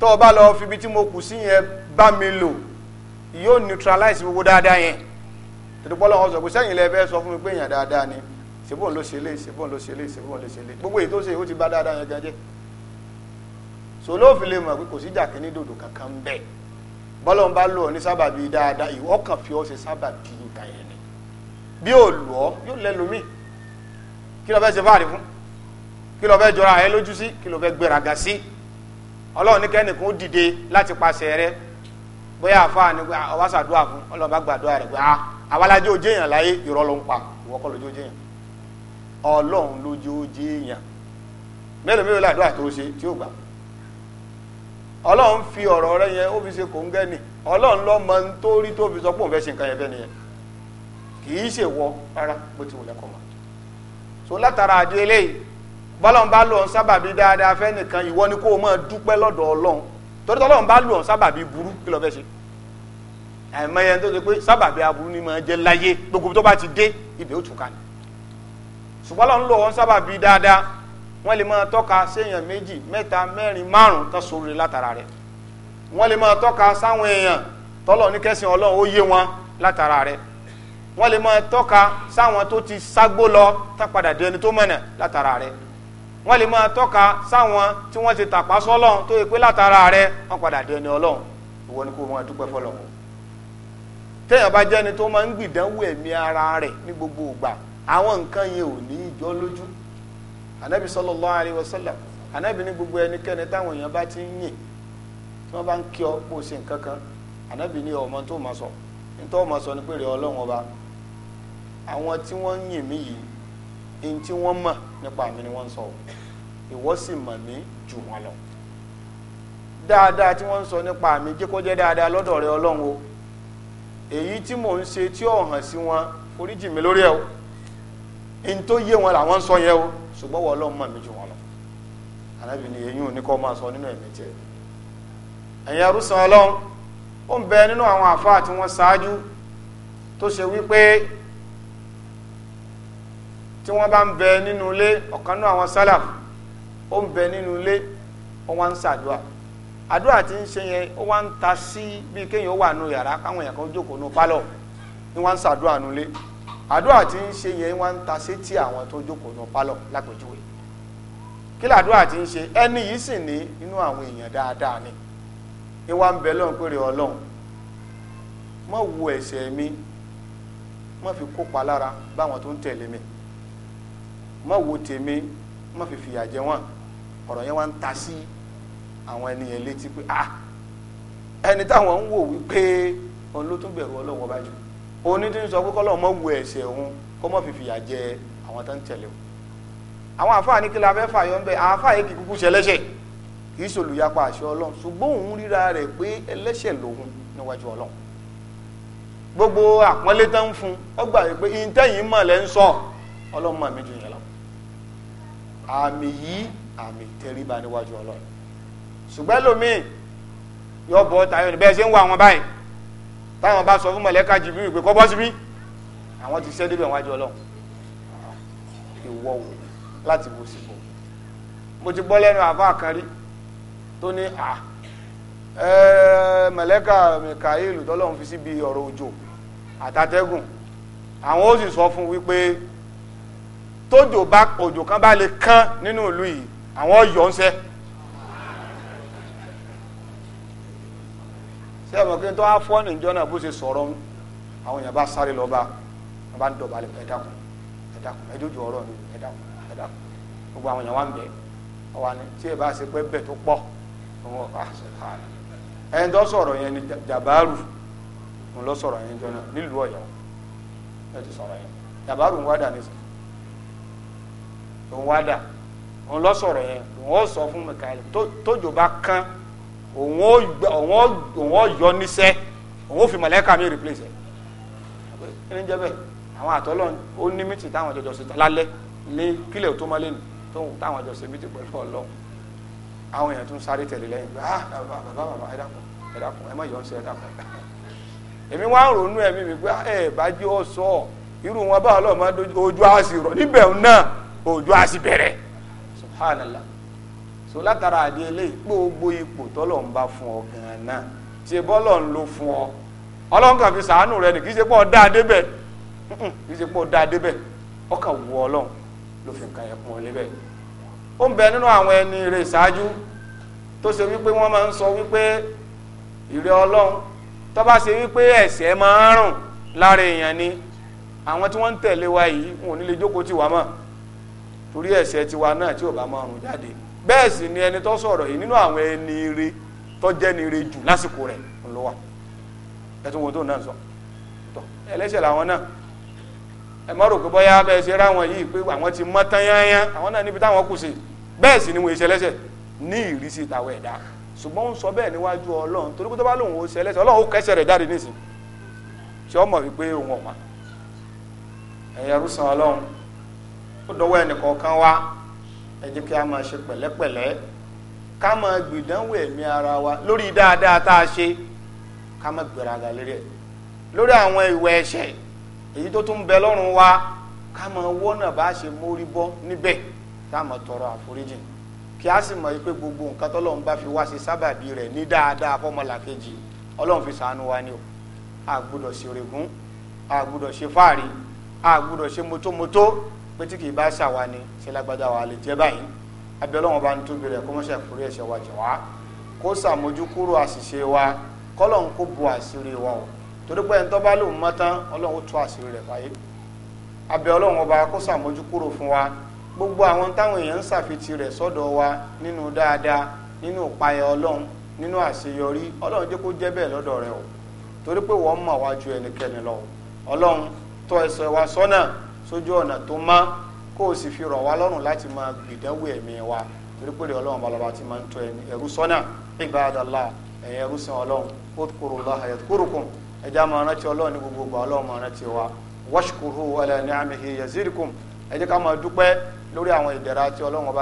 tó o bá lọ fi ibi tí mo kù sí yẹn bá mi lò yóò neutralize gbogbo dáadáa yẹn tètè pọ́lọ́wọ́n sọ pé sẹ́yìn lẹ sọ fún mi pé èèyàn dáadáa ni ṣebóun ló ṣe léyìí ṣebóun ló ṣe léyìí ṣebóun ló ṣe léyìí gbogbo èyí tó ṣe ó ti bá dáadáa yẹn gan jẹ́ so lóòfin lè mọ̀ pé kò sí jàkí ní dòdò kankan bẹ́ẹ̀ bọ́lọ̀ ń bá lò ọ́ ní sábàbí dáadáa ìwọ kàn fi ọ́ ṣe sábàbí nǹkan yẹn ni bí ò lù ọ́ yóò lẹ́ lómi kí ló fẹ́ ṣe fáàrí fún kí ló fẹ́ jọra ẹ lójú sí kí ló fẹ́ gbéraga sí ọlọ́run ní kẹ́nìkan ó dìde láti pàṣẹ rẹ bóyá àfáà ni ah, ọwọ́ ṣàdúrà fún ọlọ́run bá gbàdúrà ọlọ́run lójú ó jẹ́ èèyàn mélòó mélòó làdúrà tó ṣe tí ó gbà ọlọ́run fi ọ̀rọ̀ rẹ yẹn ó fi ṣe kòńgẹ́ ni ọlọ́run lọ mọ tó rí tó fi sọ pé òun fẹ́ ṣe nǹkan yẹn fẹ́ nìyẹn kì í ṣèwọ rárá bó ti wù lẹ́kọ̀ọ́ mọ́ so látara àdé eléyìí bọ́lọ́n bá lò ń sábàbí dáadáa fẹ́ nìkan ìwọ ni kó o máa dúpẹ́ lọ́dọ̀ ọlọ́run torí tọ́lọ́run bá lò ń sábàbí burú kí ló fẹ́ ṣe àìmọye tó ṣe pé sábàbí aburú ni máa jẹ láyé gbogbo tó bá ti dé ibẹ̀ ó tù ká ṣùgbọ́n lọ́n lò wọ́n sábà bí dáadáa wọ́n lè máa tọ́ka séèyàn méjì mẹ́ta mẹ́rin márùn tán sórí látara rẹ̀ wọ́n lè máa tọ́ka sáwọn èèyàn tọ́lọ̀ ní kẹ́sìn ọlọ́run ó yé wọn látara rẹ̀ wọ́n lè máa ti ságbó lọ tán padà dé ẹni tó mọ̀nà látara rẹ̀ wọ́n lè máa ti tàpá sọ́lọ́run tó yẹ pé látara rẹ̀ wọ́n padà ẹni ń gbìdánwò ẹ̀mí ara rẹ̀ ní gbogbo àwọn nǹkan yẹn ò ní í jọ lójú anabi sallallahu alaihi wasallam anabi ní gbogbo ẹnikẹ́ni táwọn èèyàn bá ti ń yìn tí wọ́n bá ń kí ọ kó o ṣe nǹkan kan anabi ní ọmọ tó máa sọ nítorí ọmọ sọ ni pé rẹ ọlọ́run ọba àwọn tí wọ́n ń yìn mí yìí ẹni tí wọ́n mọ̀ nípa mi ni wọ́n ń sọ ìwọ sì mọ̀ mí jù wọ́n lọ dáadáa tí wọ́n ń sọ nípa mi jẹ́ kó jẹ́ dáadáa lọ́dọ̀ rẹ ọlọ́run o èyí tí mò ń ṣe tí ò hàn sí wọn foríjì mi lórí ẹ̀ o n tó yé wọn làwọn sọ yẹn o ṣùgbọ́n wọ́n lọ́ọ́ mọ̀ mí jù wọn lọ anábì ni eyín òní kọ́ máa sọ nínú ẹ̀mí tiẹ̀ ẹ̀yin arúsàn ọlọ́run ó ń bẹ nínú àwọn àfáà tí wọ́n ṣáájú tó ṣe wípé tí wọ́n bá ń bẹ nínú ilé ọ̀kan náà àwọn sálà ó ń bẹ nínú ilé wọ́n wá ń ṣàdúrà àdúrà tí ń ṣe yẹn ó wá ń ta sí bí kéèyàn wà nù yàrá káwọn èèyàn kan jókòó nù pálọ̀ ni wọ́n ń ṣàdúrà nulẹ̀ àdúrà tí ń ṣe yẹn wá ń ta sétí àwọn tó jókòó náà pálọ̀ lápèjúwe kí làdúrà tí ń ṣe ẹni yìí sì ní inú àwọn èèyàn dáadáa ni ìwà ń bẹ lọ́n péré ọlọ́run mọ́ wo ẹ̀ṣẹ̀ mi mọ́ fi kópa lára báwọn tó ń tẹ̀lé mi mọ́ wo tèmi mọ́ fi fìyà jẹ wọ́n ọ̀rọ̀ yẹn wá ń ta sí àwọn ènìyàn létí pé ah, ẹni táwọn ń wò wípé òun ló tún bẹ̀rù ọlọ́run ọba jù oní tí ń sọ pé kọ́lọ́ mọ́ wu ẹ̀ṣẹ̀ òun kó mọ́ fìfì yà jẹ àwọn tó ń tẹ̀lé o àwọn àfáà ní kí la fẹ́ fàyọ ńbẹ àfáà yìí kì í kúkú ṣe ẹlẹ́ṣẹ̀ kì í ṣolùyapa àṣẹ ọlọ́run ṣùgbọ́n òun ríra rẹ̀ pé ẹlẹ́ṣẹ̀ lòun níwájú ọlọ́run gbogbo àpọ́nlé tán ń fún ọ gbà pé ìtẹ́yìn mọ̀ lẹ́ ń sọ ọlọ́run mọ̀ mí jù yẹn lọ àmì yìí àmì tẹríba níwájú ọlọ́run ṣùgbọ́n lómi yọ bọ́ tayọ níbẹ̀ ṣe ń wọ àwọn báyìí táwọn bá sọ fún mọ̀lẹ́ka Jibril pé kọ́ bọ́ síbí àwọn ti ṣẹ́ débẹ̀ wájú ọlọ́run ìwọ wò láti bó sí bò mo ti gbọ́ lẹ́nu àfa àkàrí tó ní à mọ̀lẹ́ka Mikael tọ́lọ́run fi síbi ọ̀rọ̀ òjò àtàtẹ́gùn àwọn ó sì sọ fún wípé tójò bá òjò kan bá lè kán nínú ìlú yìí àwọn yọ̀ ń sẹ́ ṣé ẹ mọ̀ pé tó á fọ́ ní ìjọ náà bó ṣe sọ̀rọ̀ àwọn èèyàn bá sáré lọ bá wọn bá ń dọ̀bálẹ̀ ẹ dákun ẹ dákun ẹ dójú ọ̀rọ̀ mi ẹ dákun ẹ dákun gbogbo àwọn èèyàn wá ń bẹ ọwọ́ ni tí ẹ bá ṣe pé bẹ̀ tó pọ̀ òun ah, ẹni tó sọ̀rọ̀ yẹn ni jàbáàrù òun lọ sọ̀rọ̀ yẹn jọ náà nílùú ọ̀yọ́ ẹ ti sọ̀rọ̀ yẹn jàbáàrù ń wádà nísìnyí òun wádà òun lọ sọ̀rọ̀ yẹn òun òun ó òun ó yọ níṣẹ́ òun ó fi mọ̀lẹ́kà mi replace ẹ̀ kí ni jẹ́ bẹ́ẹ̀ àwọn àtọ́lọ́ ó ní mítì táwọn àjọjọ sí lálẹ́ ní kílẹ̀ tó mọ́ lẹ́nu tóun táwọn àjọ sí mítì pẹ̀lú ọlọ́run àwọn èèyàn tún sáré tẹ̀lé lẹ́yìn pé ah bàbá bàbá ẹ dákun ẹ dákun ẹ má yọ̀ ń ẹ dákun èmi wá ronú ẹ̀mí mi pé ah, ẹ bá jẹ́ ọ sọ irú wọn báwọn ọlọ́run máa dojú ojú àṣì rọ̀ níbẹ̀ náà ojú àṣì bẹ̀rẹ̀ subhanallah so látara àdé eléyìí gbogbo ipò tọ́lọ̀ ń bá fún ọ gan-an náà ṣe bọ́lọ̀ lo fún ọ ọlọ́run kàn fi sàánù rẹ nì kì í ṣe pọ̀ dá a débẹ̀ kì í ṣe pọ̀ dá a débẹ̀ wù ló fi nǹkan yẹn pọ̀ lébẹ̀ ó ń bẹ nínú àwọn ẹni rẹ ṣáájú tó ṣe wípé wọ́n máa ń sọ wípé ìrẹ́ ọlọ́run tó bá ṣe wípé maa máa ń rùn ni àwọn tí wọ́n ń tẹ̀lé wọn ò ní lè jókòó tiwa torí tiwa náà tí ò bá máa rùn bẹ́ẹ̀ sì ni ẹni tó sọ̀rọ̀ yìí nínú àwọn ẹni ire tó jẹ́ ni ire jù lásìkò rẹ̀ ló wà ẹtún tó náà sọ tọ ẹlẹ́ṣẹ̀ làwọn náà ẹ má rò pé ti mọ́ tán yányá àwọn náà níbi táwọn kù sí ni wọ́n ṣe ẹlẹ́ṣẹ̀ ní ìrísí ìtàwọ̀ ẹ̀dá ṣùgbọ́n sọ bẹ́ẹ̀ níwájú ọlọ́run torí pé tó bá lòun ó ṣe ẹlẹ́ṣẹ̀ ọlọ́run ó kẹ́sẹ̀ rẹ̀ ẹ jẹ́ kí a máa ṣe pẹ̀lẹ́pẹ̀lẹ́ ká máa gbìdánwò ẹ̀mí ara wa lórí dáadáa tá a ṣe ká máa gbéraga lérí ẹ̀ lórí àwọn ìwà ẹ̀ṣẹ̀ èyí tó tún bẹ lọ́rùn wa ká máa wọ́nà bá ṣe mórí bọ́ níbẹ̀ tá a máa tọrọ àforíjì kí a sì mọ̀ pé gbogbo nǹkan tọ́lọ́run bá fi wá ṣe sábàbí rẹ̀ ní dáadáa fọ́mọlàkejì ọlọ́run fi ṣàánú wa ni o a gbọ́dọ̀ ṣe orègún a gbọ́dọ̀ ṣe fáàrí a gbọ́dọ̀ ṣe mọ́tómọ́tó pé tí kì í bá ṣàwa ni ṣe lágbádá wa lè jẹ́ báyìí abẹ́ ọlọ́run bá ń tóbi rẹ̀ kó mọ́ ṣàkórí ẹ̀ṣẹ̀ wa jì wá kó ṣàmójúkúrò àṣìṣe wa kọ́lọ́run kó bo àṣírí wa o torí pé ẹni tó bá lòun mọ́ tán ọlọ́run ó tú àṣírí rẹ̀ fàyè abẹ́ ọlọ́run ọba kó ṣàmójúkúrò fún wa gbogbo àwọn táwọn èèyàn ń ṣàfitì rẹ̀ sọ́dọ̀ wa nínú dáadáa nínú ìpayà ọlọ́run nínú àṣeyọrí ọlọ́run jẹ́ kó jẹ́ bẹ́ẹ̀ lọ́dọ̀ rẹ̀ o torí pé wọ́n mọ̀ wájú ẹnikẹ́ni lọ ọlọ́run tọ́ ẹsẹ̀ wa sọ́nà sójú ọ̀nà tó mọ́ kó o sì fi rọ̀ wá lọ́rùn láti máa gbìdánwò ẹ̀mí wa torí pé lè ọlọ́run balọ̀ba ti máa ń tọ́ ẹrú sọ́nà ibadallah ẹ̀yìn ẹrú sin ọlọ́run udkurullaha yadhkurukum ẹja máa rántí ọlọ́run ní gbogbo ọgbà ọlọ́run máa rántí wa washkuruhu ala ni'amihi yazidukum ẹ jẹ́ ká máa dúpẹ́ lórí àwọn ìdẹ̀ra tí ọlọ́run